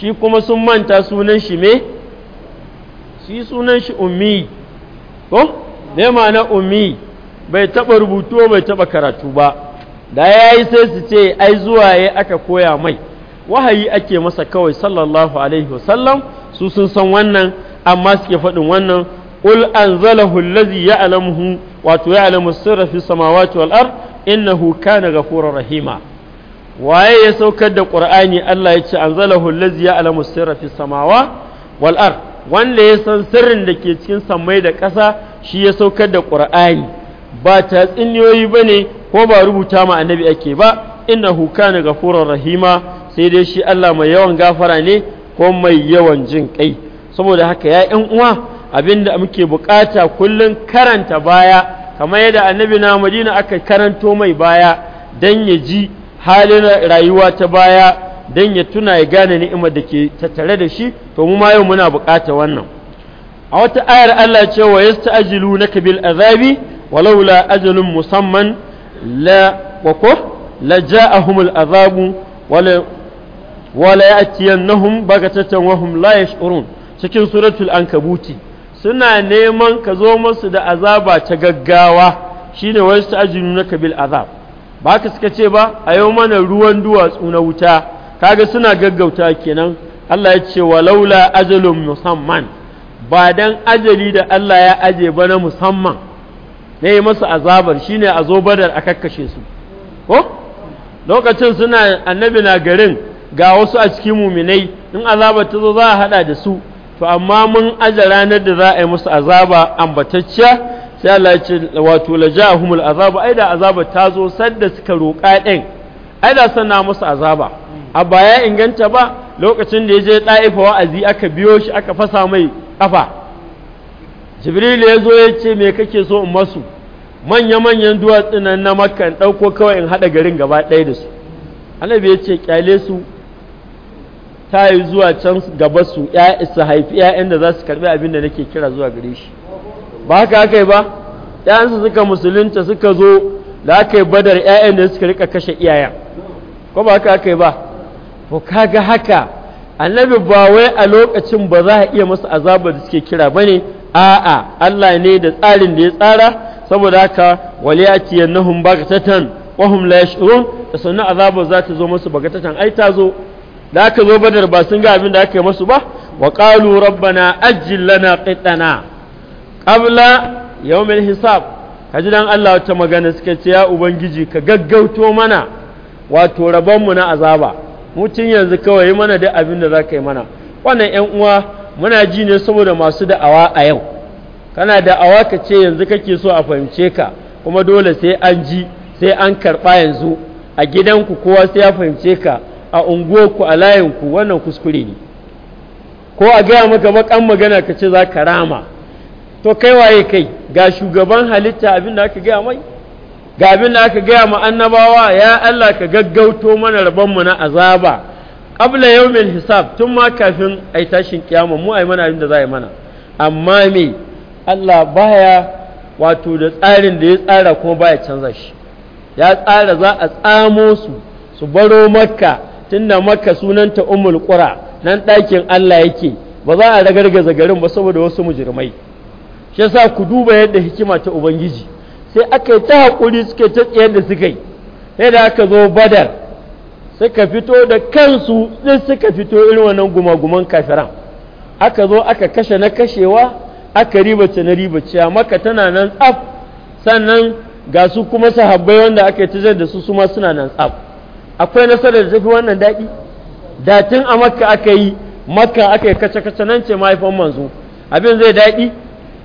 shi kuma sun manta sunan shi me shi sunan shi ummi ko ne ma'ana ummi bai taɓa rubutu bai taɓa karatu ba da ya yi sai su ce ai zuwa ya aka koya mai wahayi ake masa kawai sallallahu alaihi wasallam su sun san wannan amma suke faɗin wannan qul anzalahu allazi ya'lamuhu tu ya'lamu sirra fi samawati wal ard innahu kana ghafurur rahima waye ya saukar da qur'ani Allah ya ce anzalahu allazi ya'lamu sirra fi samawa wal ard wanda ya san sirrin da ke cikin sammai da ƙasa shi ya saukar da ƙur'ani ba ta tsinniyoyi ba ne ko ba rubuta ma annabi ake ba inna huka na gafurar rahima sai dai shi Allah mai yawan gafara ne ko mai yawan jin kai saboda haka ya ƴan uwa abin da muke bukata kullum karanta baya kamar yadda annabi na madina aka karanto mai baya dan ya ji halin rayuwa ta baya don ya tuna ya gane ni'imar da ke tattare da shi to mu ma yau muna bukata wannan a wata ayar Allah ce wa ajilu na bil azabi walaula ajalun musamman la wako la ja'ahumul azabu wala wala ya'tiyannahum bagatatan wa hum la yash'urun cikin suratul ankabuti suna neman ka zo musu da azaba ta gaggawa shine wa yasta'jilu na bil azab ba ka suka ce ba a yau mana ruwan duwatsu na wuta kaga suna gaggauta kenan Allah ya ce wa laula ajalun musamman ba dan ajali da Allah ya aje ba na musamman ne yi masa azabar shine a zo badar a kakkashe su ko lokacin suna annabi na garin ga wasu a cikin muminai in azabar ta zo za a hada da su to amma mun aje ranar da za a yi musu azaba ambatacciya sai Allah ya ce wato lajahumul azaba ai da azaba ta zo sadda suka roƙa ɗin ai da sanna musu azaba a baya inganta ba lokacin da ya je ɗa'ifa wa'azi aka biyo shi aka fasa mai ƙafa jibril ya zo ya ce me kake so in masu manya-manyan duwatsu nan na makka in ɗauko kawai in haɗa garin gaba ɗaya da su annabi ya ce ƙyale su ta yi zuwa can gaba su su haifi ‘ya'yan da za su karɓi abin da nake kira zuwa gare shi ba haka aka yi ba ‘ya'yansu suka musulunta suka zo da aka yi badar ‘ya'yan da suka rika kashe iyayen ko ba haka aka ba ko kaga haka annabi ba wai a lokacin ba za a iya masu azabar da suke kira bane a'a Allah ne da tsarin da ya tsara saboda haka waliyati yanahum baghtatan wa hum la yash'urun da sannu azabar za ta zo masu baghtatan ai ta zo da aka zo badar ba sun ga abin da aka yi masu ba wa qalu rabbana ajil lana qitana qabla yawmil hisab kaji dan Allah wata magana suka ce ya ubangiji ka gaggauto mana wato rabonmu na azaba mutum yanzu kawai mana da abin da za ka yi mana wannan 'yan uwa muna ji ne saboda masu da'awa a yau kana da'awa ka ce yanzu kake so a fahimce ka kuma dole sai an ji sai an karɓa yanzu a gidanku kowa sai ya fahimce ka a unguwarku a layinku wannan kuskure ne ko a gaya maka bakan magana ka ce za ka rama to kai waye kai ga shugaban halitta abin da aka gaya mai ga abin da aka gaya mu annabawa ya Allah ka gaggauto mana mu na azaba qabla yawmin hisab tun ma kafin ai tashin kiyama mu ai mana abin da za yi mana amma me Allah baya wato da tsarin da ya tsara kuma baya canza shi ya tsara za a tsamo su su baro makka tunda makka sunanta ummul qura nan ɗakin Allah yake ba za a ragargaza garin ba saboda wasu mujirmai shi yasa ku duba yadda hikima ta ubangiji sai aka yi ta haƙuri suke ta tsayar da suka yi sai da aka zo badar suka fito da kansu din suka fito irin wannan gumaguman kafiran aka zo aka kashe na kashewa aka ribace na ribace maka tana nan tsaf sannan ga su kuma sahabbai wanda aka yi tijar da su su ma suna nan tsaf akwai nasarar da tafi wannan daɗi datin a maka aka yi makka aka yi kace-kace nan ce mahaifan manzo abin zai daɗi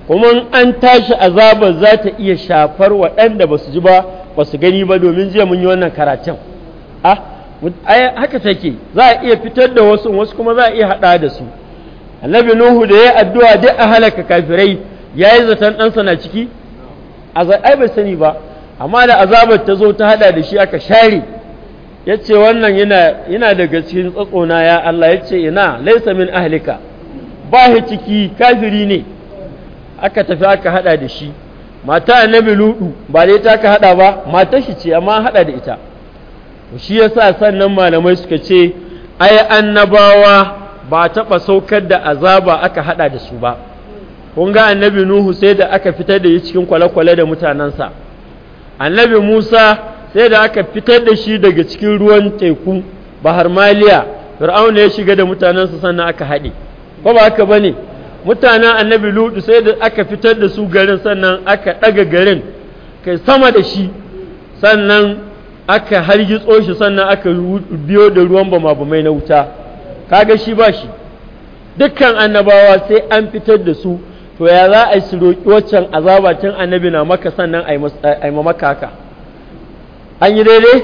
kuma an tashi azabar za ta iya shafar waɗanda ba su ji ba ba su gani ba domin jiya mun yi wannan karatun ah haka take za a iya fitar da wasu wasu kuma za a iya haɗa da su annabi nuhu da ya addu'a duk a halaka kafirai ya yi zaton ɗansa na ciki ai bai sani ba amma da azabar ta zo ta haɗa da shi aka share ya ce wannan yana daga cikin tsatsona ya Allah ya ce ina laisa min ahlika ba ciki kafiri ne aka tafi aka hada da shi mata annabi ludu ba dai ta ka hada ba Mata shi ce amma hada da ita shi yasa sannan malamai suka ce ai annabawa ba taɓa saukar da azaba aka hada da su ba kun ga annabi nuhu sai da aka fitar da shi cikin kwale-kwale da mutanensa annabi musa sai da aka fitar da shi daga cikin ruwan teku bahar maliya fir'auna ya shiga da mutanensa sannan aka haɗe ko ba haka bane mutanen annabi lutu sai da aka fitar da su garin sannan aka ɗaga garin kai sama da shi sannan aka hargi shi sannan aka biyo da ruwan bama na wuta kaga shi ba shi dukkan annabawa sai an fitar da su to ya za a yi su roƙi waccan azaba tun annabi na maka sannan a yi mamaka haka an yi daidai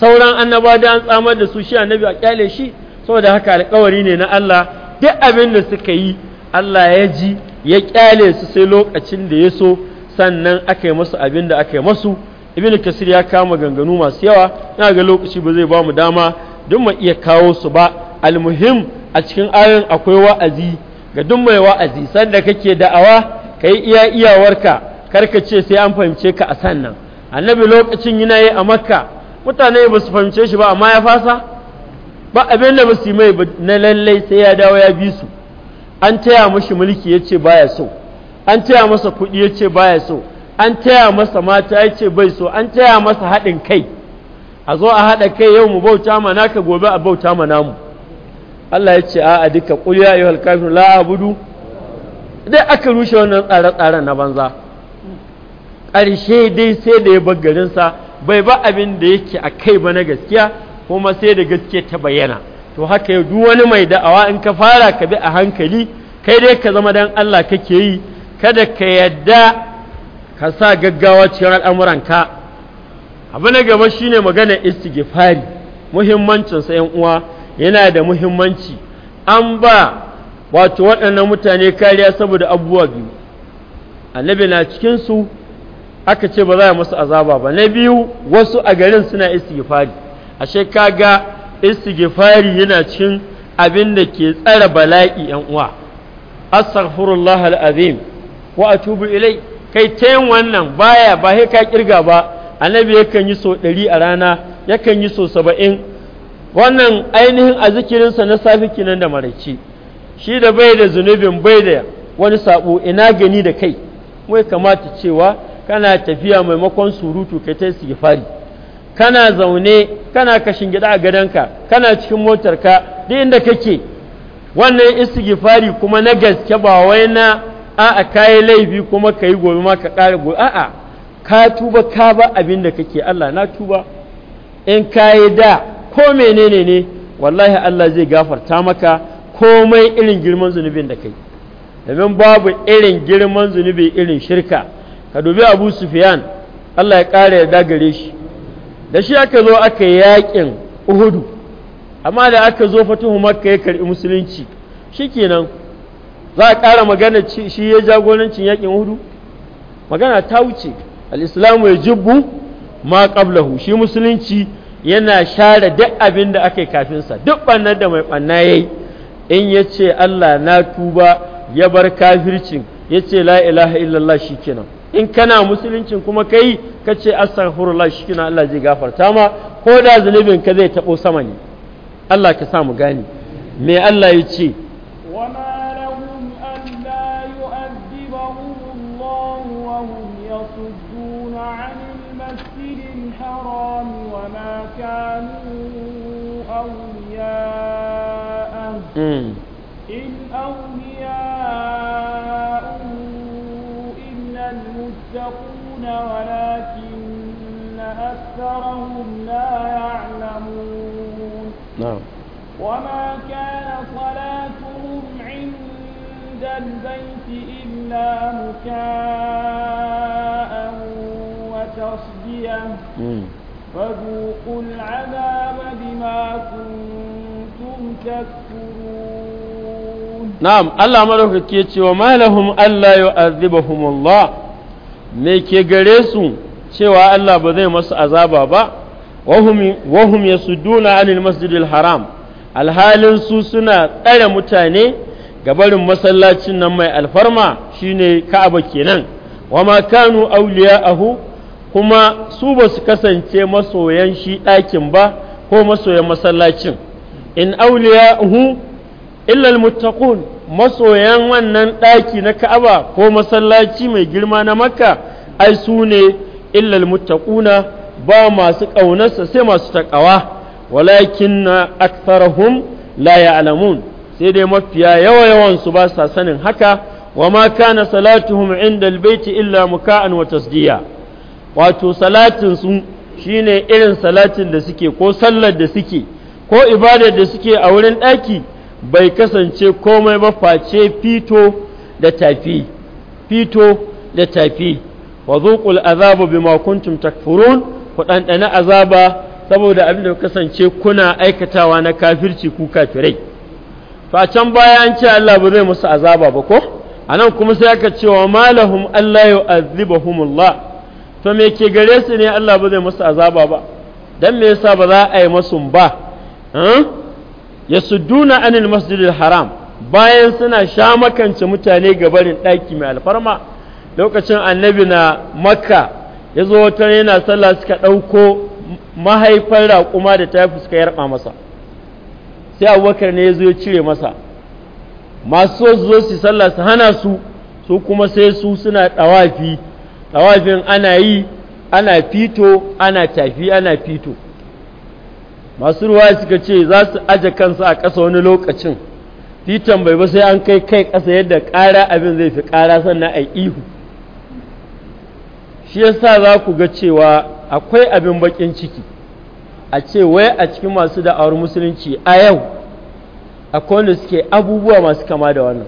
sauran annaba da an tsamar da su shi annabi a kyale shi saboda haka alkawari ne na Allah duk abin da suka yi Allah ya ji ya kyale su sai lokacin da ya so sannan aka yi masu abin da aka yi masu ibn kasir ya kama ganganu masu yawa na ga lokaci ba zai ba mu dama duk mu iya kawo su ba almuhim a cikin aron akwai wa'azi ga duk mai wa'azi sanda kake da'awa ka yi iya iyawarka karka ce sai an fahimce ka a sannan annabi lokacin yana yi a makka mutane ba su fahimce shi ba amma ya fasa ba abin da ba su mai na lallai sai ya dawo ya bi su an taya mashi mulki ya ce baya so an taya masa kuɗi ya ce baya so an taya masa mata ya ce bai so an taya masa haɗin kai a zo a haɗa kai yau mu bauta ma naka gobe a bauta ma namu Allah ya ce a'a duka qul ya ayyuhal kafirun la abudu dai aka rushe wannan tsare-tsaren na banza ƙarshe dai sai da ya bar garinsa bai ba abin da yake a kai ba na gaskiya kuma sai da gaske ta bayyana to haka yau duk wani mai da'awa in ka fara ka bi a hankali kai dai ka zama dan Allah kake yi kada ka yadda ka sa gaggawa cikin al'amuranka abu na gaba shine magana istighfari muhimmancin sa yan uwa yana da muhimmanci an ba wato waɗannan mutane kariya saboda abubuwa biyu annabi na cikin su aka ce ba za a masu azaba ba na biyu wasu a garin suna istighfari ashe kaga istighfari yana cikin abin da ke tsara bala'i yan uwa astaghfirullah alazim wa atubu ilai kai ta yin wannan baya ba sai ka kirga ba annabi yakan yi so ɗari a rana yakan yi so saba'in wannan ainihin a sa na safi kinan da maraice shi da bai da zunubin bai da wani sabo ina gani da kai wai kamata cewa kana tafiya maimakon surutu kai ta istighfari kana zaune kana kashin gida a gadonka kana cikin motarka duk inda kake wannan istighfari kuma na gaske ba wai na a'a kayi laifi kuma ka yi gobe ma ka kare gobe a'a ka tuba ka ba abin da kake Allah na tuba in kayi da ko menene ne wallahi Allah zai gafarta maka komai irin girman zunubin da kai domin babu irin girman zunubi irin shirka ka dubi Abu Sufyan Allah ya ƙara yarda gare shi da shi aka zo aka yaƙin uhudu amma da aka zo fatuhu makka ya karɓi musulunci shikenan za a ƙara magana shi ya jagorancin yaƙin uhudu magana ta wuce al'islamu ya jibbu ma ƙablahu shi musulunci yana share duk abin da aka yi kafinsa duk ɓannar da mai ɓanna ya yi in ya ce allah na tuba ya bar kafircin ya ce la ilaha illallah kenan in kana musuluncin kuma kai ka ce astaghfirullah shikina Allah zai gafarta ma ko da zunubin ka zai tabo sama ne Allah ka sa mu gane me Allah ya ce كانوا أولياءه ولكن أكثرهم لا يعلمون نعم وما كان صلاتهم عند البيت إلا مكاء وتصدية فذوقوا العذاب بما كنتم تكفرون نعم الله ملوك كيتي وما لهم ألا يؤذبهم الله me ke gare su cewa Allah ba zai masu azaba ba wahum ya suduna anil masjidil haram alhalin su suna tsare mutane ga barin masallacin nan mai alfarma shine ka'aba kenan ma kanu awliya'ahu kuma su ba su kasance masoyan shi ɗakin ba ko masoyan masallacin in hu? illal muttaqun masoyan wannan ɗaki na Ka'aba ko masallaci mai girma na Makka ai su ne illal muttaquna ba masu ƙaunarsa sai masu taƙawa walakin na aktharahum la ya'lamun sai dai mafiya yawa yawan su ba sa sanin haka wa ma kana salatuhum inda albayti illa muka'an wa tasdiya wato salatin su shine irin salatin da suke ko sallar da suke ko ibadar da suke a wurin ɗaki bai kasance komai ba face fito da tafi fito da tafi wa zuqul azabu bima kuntum takfurun ku ɗanɗana azaba saboda abin da kasance kuna aikatawa na kafirci ku kafirai to can baya an ce Allah ba zai musu azaba ba ko anan kuma sai aka ce wa malahum Allah Allah to me ke gare su ne Allah ba zai musu azaba ba dan me yasa ba za a yi musu ba ya sudduna anil masjidil haram bayan suna sha makance mutane ga barin ɗaki mai alfarma lokacin annabi na makka ya zo wata yana sallah suka ɗauko mahaifar raƙuma da ta suka yarɓa masa sai abubakar ne ya zo ya cire masa masu so zo su sallah su hana su su kuma sai su suna ɗawafi ɗawafin ana yi ana fito ana tafi ana fito masu ruwa suka ce za su aje kansu a ƙasa wani lokacin titan bai ba sai an kai kai ƙasa yadda ƙara abin zai fi ƙara sannan a ihu shi yasa za ku ga cewa akwai abin baƙin ciki a ce wai a cikin masu da'awar musulunci a yau akwai wanda suke abubuwa masu kama da wannan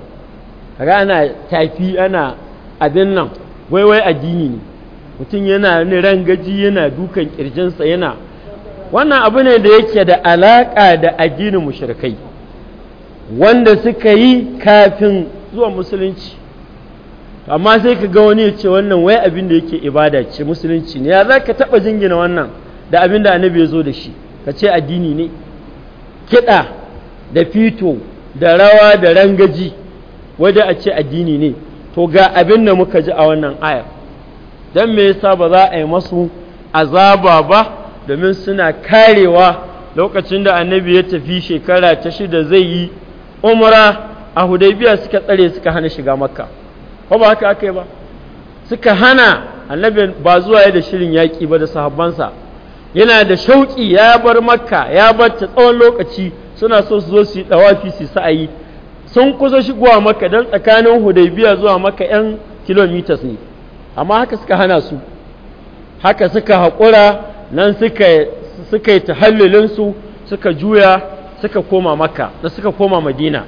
rana ana tafi ana abin nan wai wai addini ne mutum yana ran gaji yana dukan kirjinsa yana wannan abu ne da yake da alaƙa da addinin mushrikai wanda suka yi kafin zuwa musulunci amma sai ka ga wani ya ce wannan wai abin da yake ibada ce musulunci ne ya za ka taɓa jingina wannan da abin da annabi ya zo da shi ka ce addini ne kiɗa da fito da rawa da rangaji wajen a ce addini ne to ga abin da muka ji a wannan ayar don me yasa ba za a yi masu azaba ba domin suna karewa lokacin da annabi ya tafi shekara ta shida zai yi umra a hudaybiya suka tsare suka hana shiga makka ko ba haka aka yi ba suka hana annabi ba zuwa ya da shirin yaƙi ba da sahabbansa yana da shauƙi ya bar makka ya bar ta tsawon lokaci suna so su zo su yi ɗawafi su sa'ayi sun kusa shigowa maka don tsakanin hudaybiya zuwa maka 'yan kilomitas ne amma haka suka hana su haka suka haƙura nan suka yi tahallulinsu suka juya suka koma maka da suka koma madina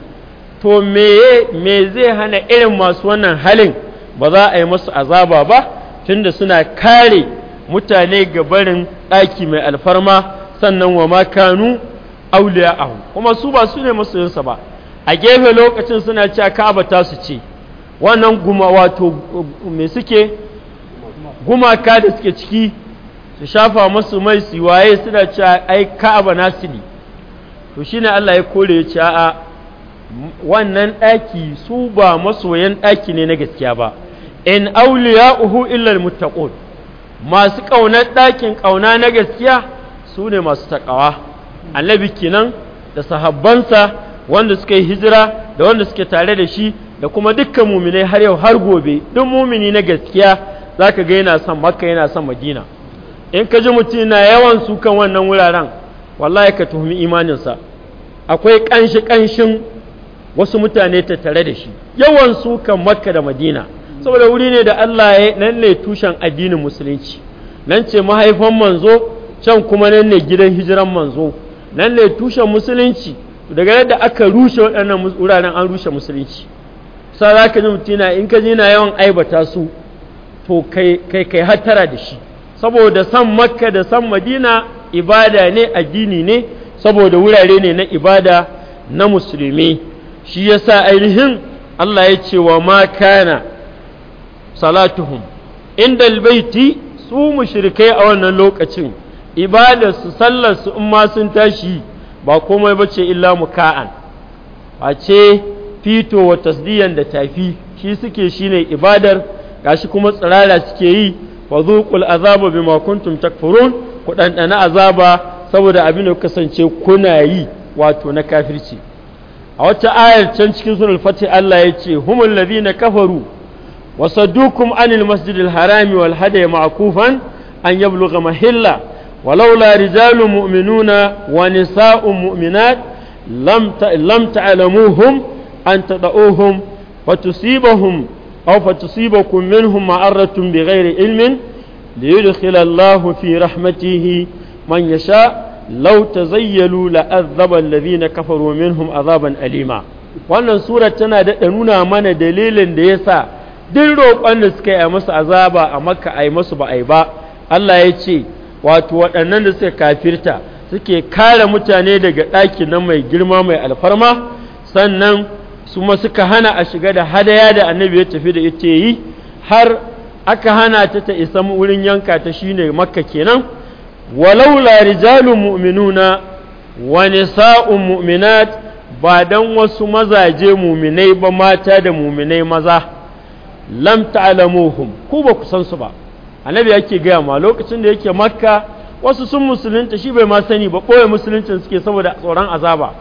to me zai hana irin masu wannan halin ba za a yi masu azaba ba tunda suna kare mutane ga barin ɗaki mai alfarma sannan wa makanu auliya ahu kuma su ba su ne yinsa ba a gefe lokacin suna cewa ka'aba ta su ce wannan guma wato me suke gumaka da suke ciki su shafa masu mai su waye suna cewa ai ka'aba nasu ne to shine Allah ya kore ya ce a wannan ɗaki su ba masoyan ɗaki ne na gaskiya ba in uhu illa almuttaqun masu ƙaunar ɗakin ƙauna na gaskiya su ne masu taƙawa annabi kenan da sahabbansa wanda suka yi hijira da wanda suke tare da shi da kuma dukkan muminai har yau har gobe duk mumini na gaskiya zaka ga yana son makka yana son madina in ka ji mutum na yawan sukan wannan wuraren wallahi ka tuhumi imaninsa akwai ƙanshi ƙanshin wasu mutane ta tare da shi yawan sukan makka da madina saboda wuri ne da allah ya nan ne tushen addinin musulunci nan ce mahaifan manzo can kuma nan ne gidan hijiran manzo nan ne tushen musulunci daga yadda aka rushe waɗannan wuraren an rushe musulunci sa za ka ji mutum in ka ji na yawan aibata su to kai kai hattara da shi saboda san makka da san madina ibada ne addini ne saboda wurare ne na ibada na musulmi shi yasa ainihin Allah ya ce wa ma kana salatuhum inda albaiti su mushrikai a wannan lokacin Ibada, su sallar su in ma sun tashi ba komai ba ce illa muka'an a ce fito wa tasdiyan da tafi shi suke shine ibadar gashi kuma tsirara suke yi wa zuqul azaba bima kuntum ku dandana azaba saboda abin da kasance kuna yi wato na kafirci a wata ayar can cikin sunan fati Allah ya ce humul ladina kafaru wa saddukum anil masjidil harami wal hadi ma'kufan an yablugha mahilla walaula rijalun muminuna ونساء مؤمنات لم لم تعلموهم أن تدعوهم hum. aw fatusibakum minhum ma'aratun bighairi ilmin ليدخل الله في رحمته من يشاء لو تزيلوا لأذب الذين كفروا منهم عذابا أليما wannan surar tana da nuna mana dalilin da yasa duk roƙon da suka yi masu azaba a makka a yi masu ba a yi ba Allah ya ce wato waɗannan da suka kafirta suke kare mutane daga ɗaki na mai girma mai alfarma sannan suma suka hana a shiga da hadaya da annabi ya tafi da ita yi har aka hana ta ta isa wurin yanka ta shine makka kenan walaula rijalun mu'minuna wa nisa'un mu'minat ba dan wasu mazaje muminai ba mata da muminai maza lam ta'lamuhum ku ba ku san su ba annabi yake gaya ma lokacin da yake makka wasu sun musulunta shi bai ma sani ba ɓoye musuluncin suke saboda tsoron azaba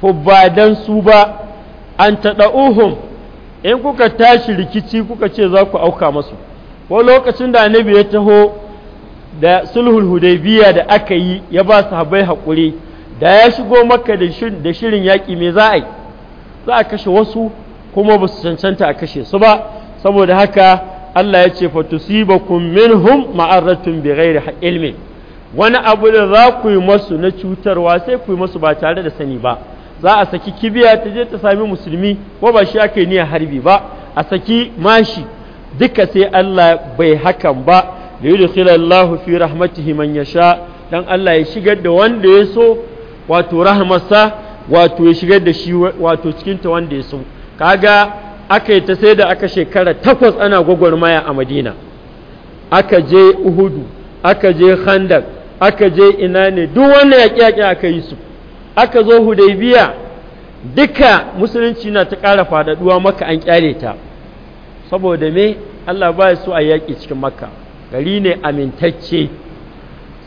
ko ba dan su ba an taɗa'uhum in kuka tashi rikici kuka ce za ku auka masu ko lokacin da Anabi ya taho da sulhul hudaybiya da aka yi ya ba su habai haƙuri da ya shigo maka da shirin yaƙi mai za a yi za a kashe wasu kuma ba su cancanta a kashe su ba saboda haka Allah ya ce fatusibakum minhum ma'arratun bi ghairi ilmin wani abu da za ku yi masu na cutarwa sai ku yi masu ba tare da sani ba za a saki kibiya ta je ta sami musulmi ko ba shi aka yi niyyar harbi ba a saki mashi duka sai Allah bai hakan ba da yi Allah fi rahmatihi man sha dan Allah ya shigar da wanda ya so wato rahmarsa wato ya shigar da shi wato cikin ta wanda ya so kaga aka yi ta sai da aka shekara takwas ana gwagwarmaya a Madina aka je Uhudu aka je Khandak aka je ina ne duk wannan yaƙe-yaƙe aka yi su aka zo hudaybiya duka musulunci na ta ƙara faɗaɗuwa maka an ƙyare ta saboda me Allah ba su a yaƙi cikin makka gari ne amintacce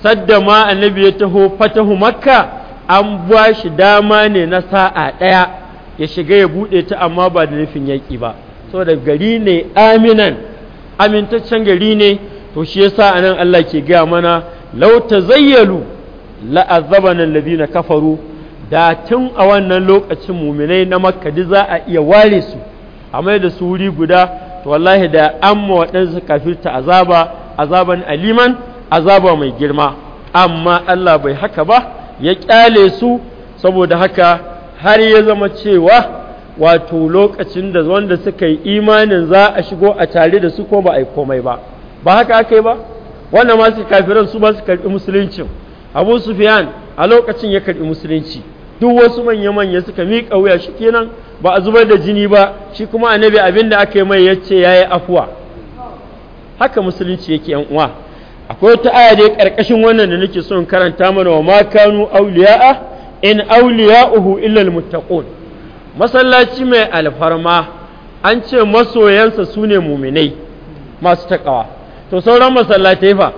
sadda ma annabi ya taho fatahu makka an ba shi dama ne na sa'a ɗaya ya shiga ya buɗe ta amma ba da nufin yaƙi ba saboda gari ne aminan amintaccen gari ne to shi yasa anan Allah ke gaya mana lau tazayyalu la'azzabana alladhina kafaru da tun a wannan lokacin muminai na Makkadi za a iya ware su a mai da su wuri guda to wallahi da an ma waɗansu kafirta azaba azaban aliman azaba mai girma amma Allah bai haka ba ya ƙyale su saboda haka har ya zama cewa wato lokacin da wanda suka yi imanin za a shigo a tare da su ko ba a yi komai ba ba haka aka yi ba wannan masu kafiran su ba su karɓi musuluncin abu sufiyan a lokacin ya karɓi musulunci duk wasu manya-manya suka miƙa wuya shi kenan ba a zubar da jini ba shi kuma annabi abin da aka yi mai ya ce ya yi afuwa haka musulunci yake yan uwa akwai wata aya da ya ƙarƙashin wannan da nake son karanta mana wa ma kanu auliya'a in auliya'uhu illa almuttaqun masallaci mai alfarma an ce masoyansa sune muminai masu takawa to sauran masallatai fa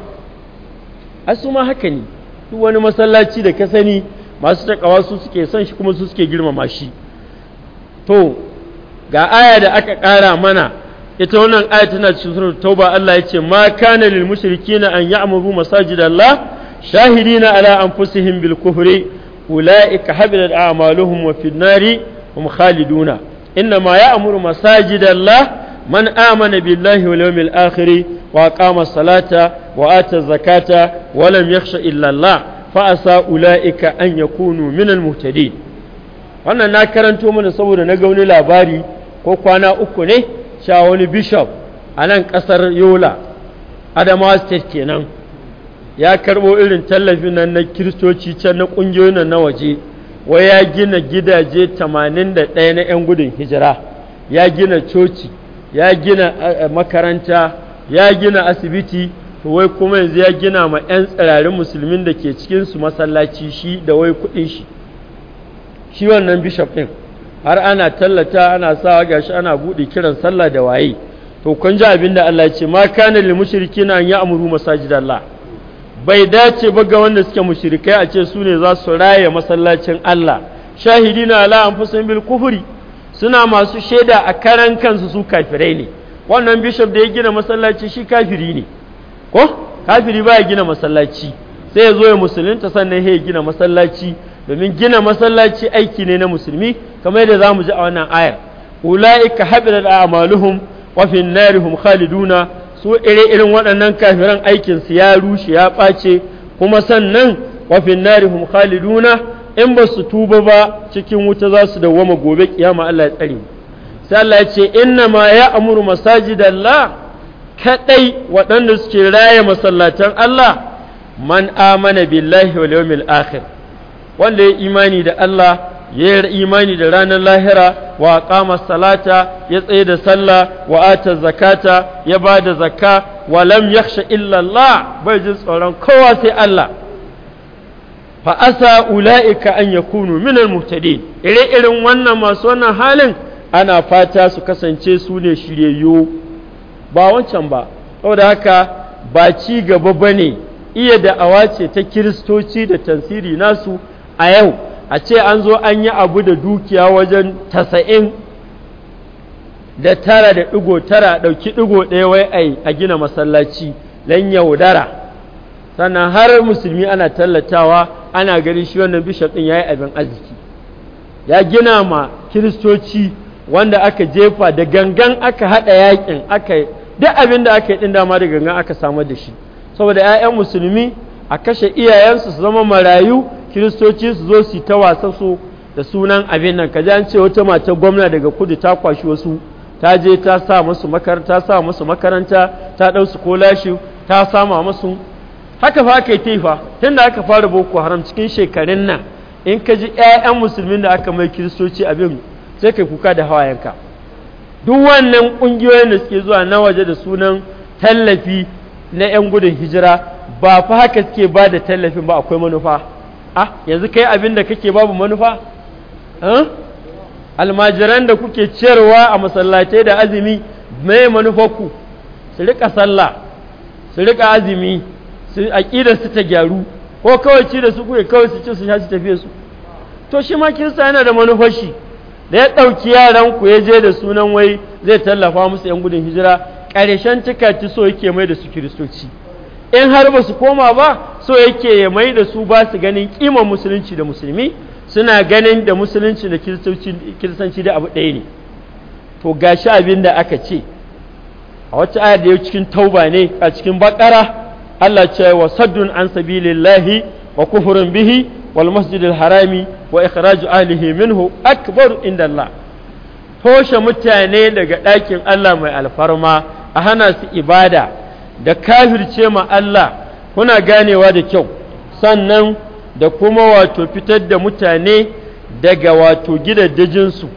asuma haka ne duk wani masallaci da ka sani masu takawa su suke son shi kuma su suke girmama shi to ga aya da aka ƙara mana ita wannan aya tana cikin surar tauba Allah ya ce ma kana lil mushrikina an ya'muru masajidallah shahidina ala anfusihim bil kufri ulaika habidat a'maluhum wa fin nari hum khaliduna inna ma ya'muru masajidallah man amana billahi wal yawmil akhir wa aqama salata wa ata zakata wa lam yakhsha illa Allah fa asa ula'ika an yakunu minal muhtadin wannan na karanto mana saboda na ga wani labari ko kwana uku ne sha wani bishop a nan ƙasar yola adamawa state kenan ya karɓo irin tallafin nan na kiristoci can na ƙungiyoyin nan na waje wai ya gina gidaje 81 na 'yan gudun hijira ya gina coci ya gina eh, eh, makaranta ya gina asibiti wai kuma yanzu ya gina ma 'yan tsirarin musulmin da ke cikinsu masallaci shi da wai kuɗin shi shi wannan bishop ɗin har ana tallata ana sawa gashi ana buɗe kiran sallah da waye to kun ji abin da Allah ya ce ma kana lil mushrikina an ya'muru masajidallah bai dace ba ga wanda suke mushrikai a ce su ne za su raye masallacin Allah shahidina ala anfusihim bil kufri suna masu shaida a karan kansu su kafirai ne wannan bishop da ya gina masallaci shi kafiri ne ko kafiri baya gina masallaci sai ya zo ya musulunta sannan ya gina masallaci domin gina masallaci aiki ne na musulmi kamar yadda za mu ji a wannan ayar ula'ika habidat a'maluhum wa fi narihum khaliduna su ire irin waɗannan kafiran aikin su ya rushe ya ɓace kuma sannan wa fi narihum khaliduna in ba su tuba ba cikin wuta za su dawwama gobe kiyama Allah ya tsare sai Allah ya ce inna ma ya amuru masajidallah kaɗai waɗanda suke raya masallatan Allah man amana billahi wal yawmil akhir wanda ya imani da Allah ya yi imani da ranar lahira wa qama salata ya tsaye da sallah wa ata zakata ya ba da zakka wa lam yakhsha illa Allah bai jin tsoron kowa sai Allah fa asa ulaika an yakunu min al muhtadin ire irin wannan masu wannan halin ana fata su kasance su ne shiryayyu ba wancan ba saboda haka ba ci gaba ba ne iya da'awa ce ta kiristoci da tansiri nasu a yau a ce an zo an yi abu da dukiya wajen tasa'in da tara da ɗigo tara ɗauki ɗigo ɗaya wai ai a gina masallaci don yaudara sannan har musulmi ana tallatawa ana ganin shi wannan bishop ɗin ya yi abin arziki ya gina ma kiristoci wanda aka jefa da gangan aka haɗa yaƙin aka duk abin da aka yi ɗin dama da gangan aka samar da shi saboda 'ya'yan musulmi a kashe iyayensu su zama marayu kiristoci su zo su ta wasa su da sunan abin nan kaji an ce wata matar gwamna daga kudu ta kwashi wasu ta je ta sa musu makaranta ta ɗau su kolashi ta sama musu haka fa aka yi taifa tun da aka fara boko haram cikin shekarun nan in ka ji 'ya'yan musulmin da aka mai kiristoci abin sai kai kuka da hawayenka duk wannan ƙungiyoyin da suke zuwa na waje da sunan tallafi na 'yan gudun hijira ba fa haka suke ba da tallafin ba akwai manufa ah yanzu kai abin da kake babu manufa almajiran da kuke ciyarwa a masallatai da azumi mai manufarku su rika sallah su rika azumi su aƙida su ta gyaru ko kawai ci da su kuke kawai su ci su sha su tafiye su to shi ma yana da manufar shi da ya ɗauki yaran ku ya je da sunan wai zai tallafa musu yan gudun hijira ƙarshen tikati so yake mai da su kiristoci in har ba su koma ba so yake ya mai da su ba su ganin kiman musulunci da musulmi suna ganin da musulunci da kiristanci da abu ɗaya ne to gashi abin da aka ce a wacce ayar da ya cikin tauba ne a cikin bakara Allah ce wa saddun an sabilillahi wa kufurin bihi wal masjidil harami wa ikhraju ahlihi minhu akbar inda Allah toshe mutane daga dakin Allah mai alfarma a hana su ibada da kafirce ma Allah kuna ganewa da kyau sannan da kuma wato fitar da mutane daga wato gidaddajinsu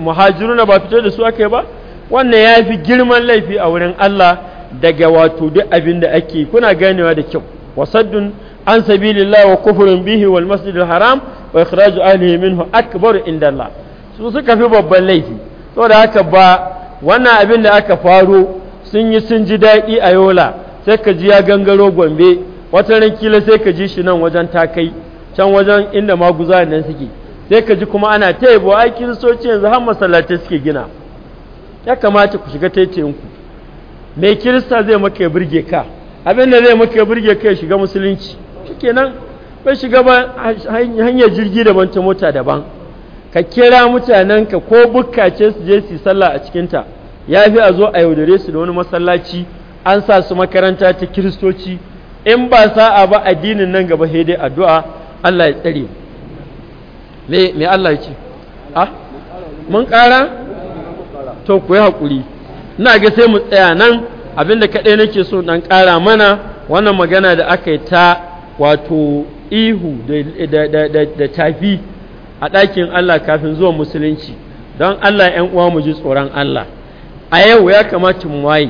muhajiruna ba fitar da su aka yi ba wannan ya fi girman laifi a wurin Allah daga wato duk abin da ake kuna ganewa da kyau wasaddun an sabilillah wa kufurin bihi wal masjidil haram wa ikhraju ahlihi minhu akbar inda Allah su suka fi babban laifi saboda haka ba wannan abin da aka faro sun yi sun ji daɗi a yola sai ka ji ya gangaro gombe wata ran kila sai ka ji shi nan wajen takai can wajen inda maguza nan suke sai ka ji kuma ana ta yabo ai kiristoci yanzu har masallatai suke gina ya kamata ku shiga ku mai kirista zai maka ya burge ka abin da zai maka ya burge ka ya shiga musulunci shikenan bai shiga ba hanyar jirgi daban ta mota daban ka kira mutanen ka ko bukace su je su sallah a cikin ta fi a zo a yaudare su da wani masallaci an sa su makaranta ta kiristoci in ba sa'a ba addinin nan gaba sai dai addu'a Allah ya tsare me me Allah yake ah mun ƙara to ku yi hakuri, ina ga sai mu tsaya nan abinda kaɗai nake so dan kara mana wannan magana da aka yi ta wato ihu da tafi a ɗakin Allah kafin zuwa musulunci don Allah ‘yan uwa mu ji tsoron Allah a yau ya kamata mu waye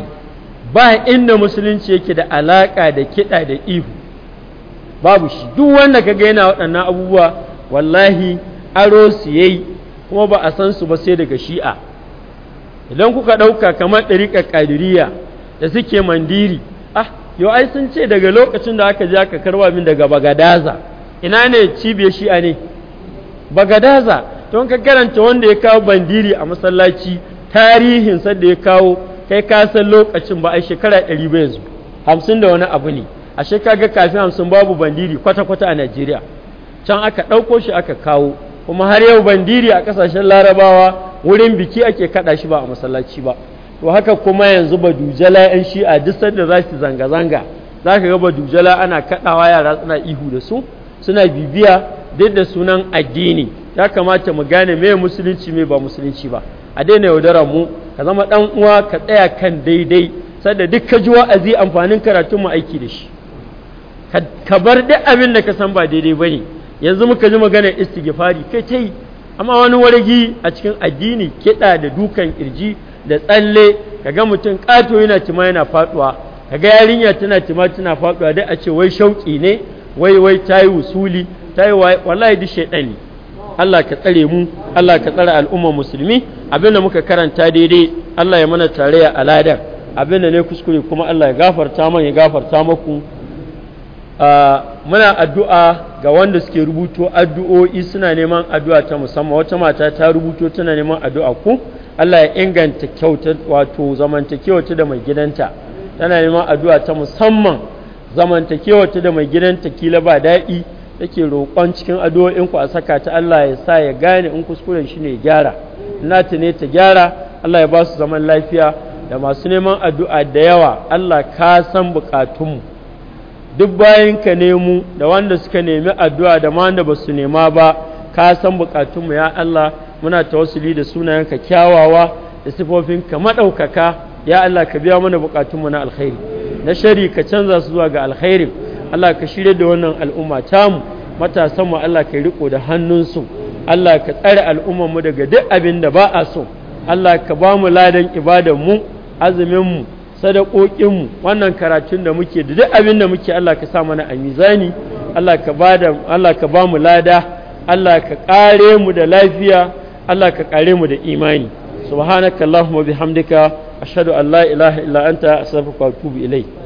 ba inda musulunci yake da alaƙa da kiɗa da ihu babu shi duk wanda ka gaina waɗannan abubuwa wallahi aro su yayi kuma ba a san su ba sai daga shi'a idan kuka ɗauka kamar ɗariƙar ƙadiriya da suke mandiri ah yo ai sun ce daga lokacin da aka je aka karwa min daga bagadaza ina ne cibiyar shi'a ne bagadaza don ka karanta wanda ya kawo bandiri a masallaci tarihin da ya kawo kai ka san lokacin ba a shekara ɗari ba yanzu hamsin da wani abu ne a shekara ga kafin hamsin babu bandiri kwata-kwata a najeriya can aka ɗauko shi aka kawo kuma har yau bandiri a ƙasashen larabawa wurin biki ake kaɗa shi ba a masallaci ba to haka kuma yanzu ba badujala yan shi'a duk sanda za su zanga-zanga za ka ga dujala ana kaɗawa yara suna ihu da su suna bibiya duk da sunan addini ya kamata mu gane me musulunci mai ba musulunci ba a daina yaudara mu ka zama ɗan uwa ka tsaya kan daidai sadda duk ka ji wa'azi amfanin karatun mu aiki da shi ka bar duk abin da ka san ba daidai ba ne yanzu muka ji maganar istighfari kai ta amma wani wargi a cikin addini kiɗa da dukan kirji da tsalle kaga mutum ƙato yana cima yana faɗuwa kaga yarinya tana cima tana faɗuwa dai a ce wai shauƙi ne wai wai ta yi wusuli ta yi wallahi duk shaiɗani Allah ka tsare mu Allah ka tsare al'ummar musulmi abin da muka karanta daidai Allah ya mana tarayya a ladan abin ne kuskure kuma Allah ya gafarta man ya gafarta maku muna addu'a ga wanda suke rubuto addu'o'i suna neman addu'a ta musamman wata mata ta rubuto tana neman addu'a ku Allah ya inganta kyautar wato zamantakewata da mai gidanta tana neman addu'a ta musamman zamantakewata da mai gidanta kila ba daɗi take roƙon cikin addu'o'in ku a saka ta Allah ya sa ya gane in kuskuren shi ne gyara nata ne ta gyara Allah ya ba su zaman lafiya da masu neman addu'a da yawa Allah ka san bukatunmu duk bayan ka nemu da wanda suka nemi addu'a da ma wanda ba su nema ba ka san bukatunmu ya Allah muna tawassuli da sunayenka kyawawa da sifofinka maɗaukaka ya Allah ka biya mana buƙatunmu na alkhairi na shari ka canza su zuwa ga alkhairi Allah ka shirya da wannan al'umma tamu mu Allah ka riko da hannunsu Allah ka tsare mu daga duk abin da ba a so Allah ka ba mu ladan mu, azumin mu, azuminmu mu, wannan karatun da muke da duk abin da muke Allah ka sa mana a mizani Allah ka ba mu lada Allah ka ƙare mu da lafiya Allah ka kare mu da imani subhanakallahumma bihamdika ashhadu an la ilaha illa anta astaghfiruka wa atubu ilayk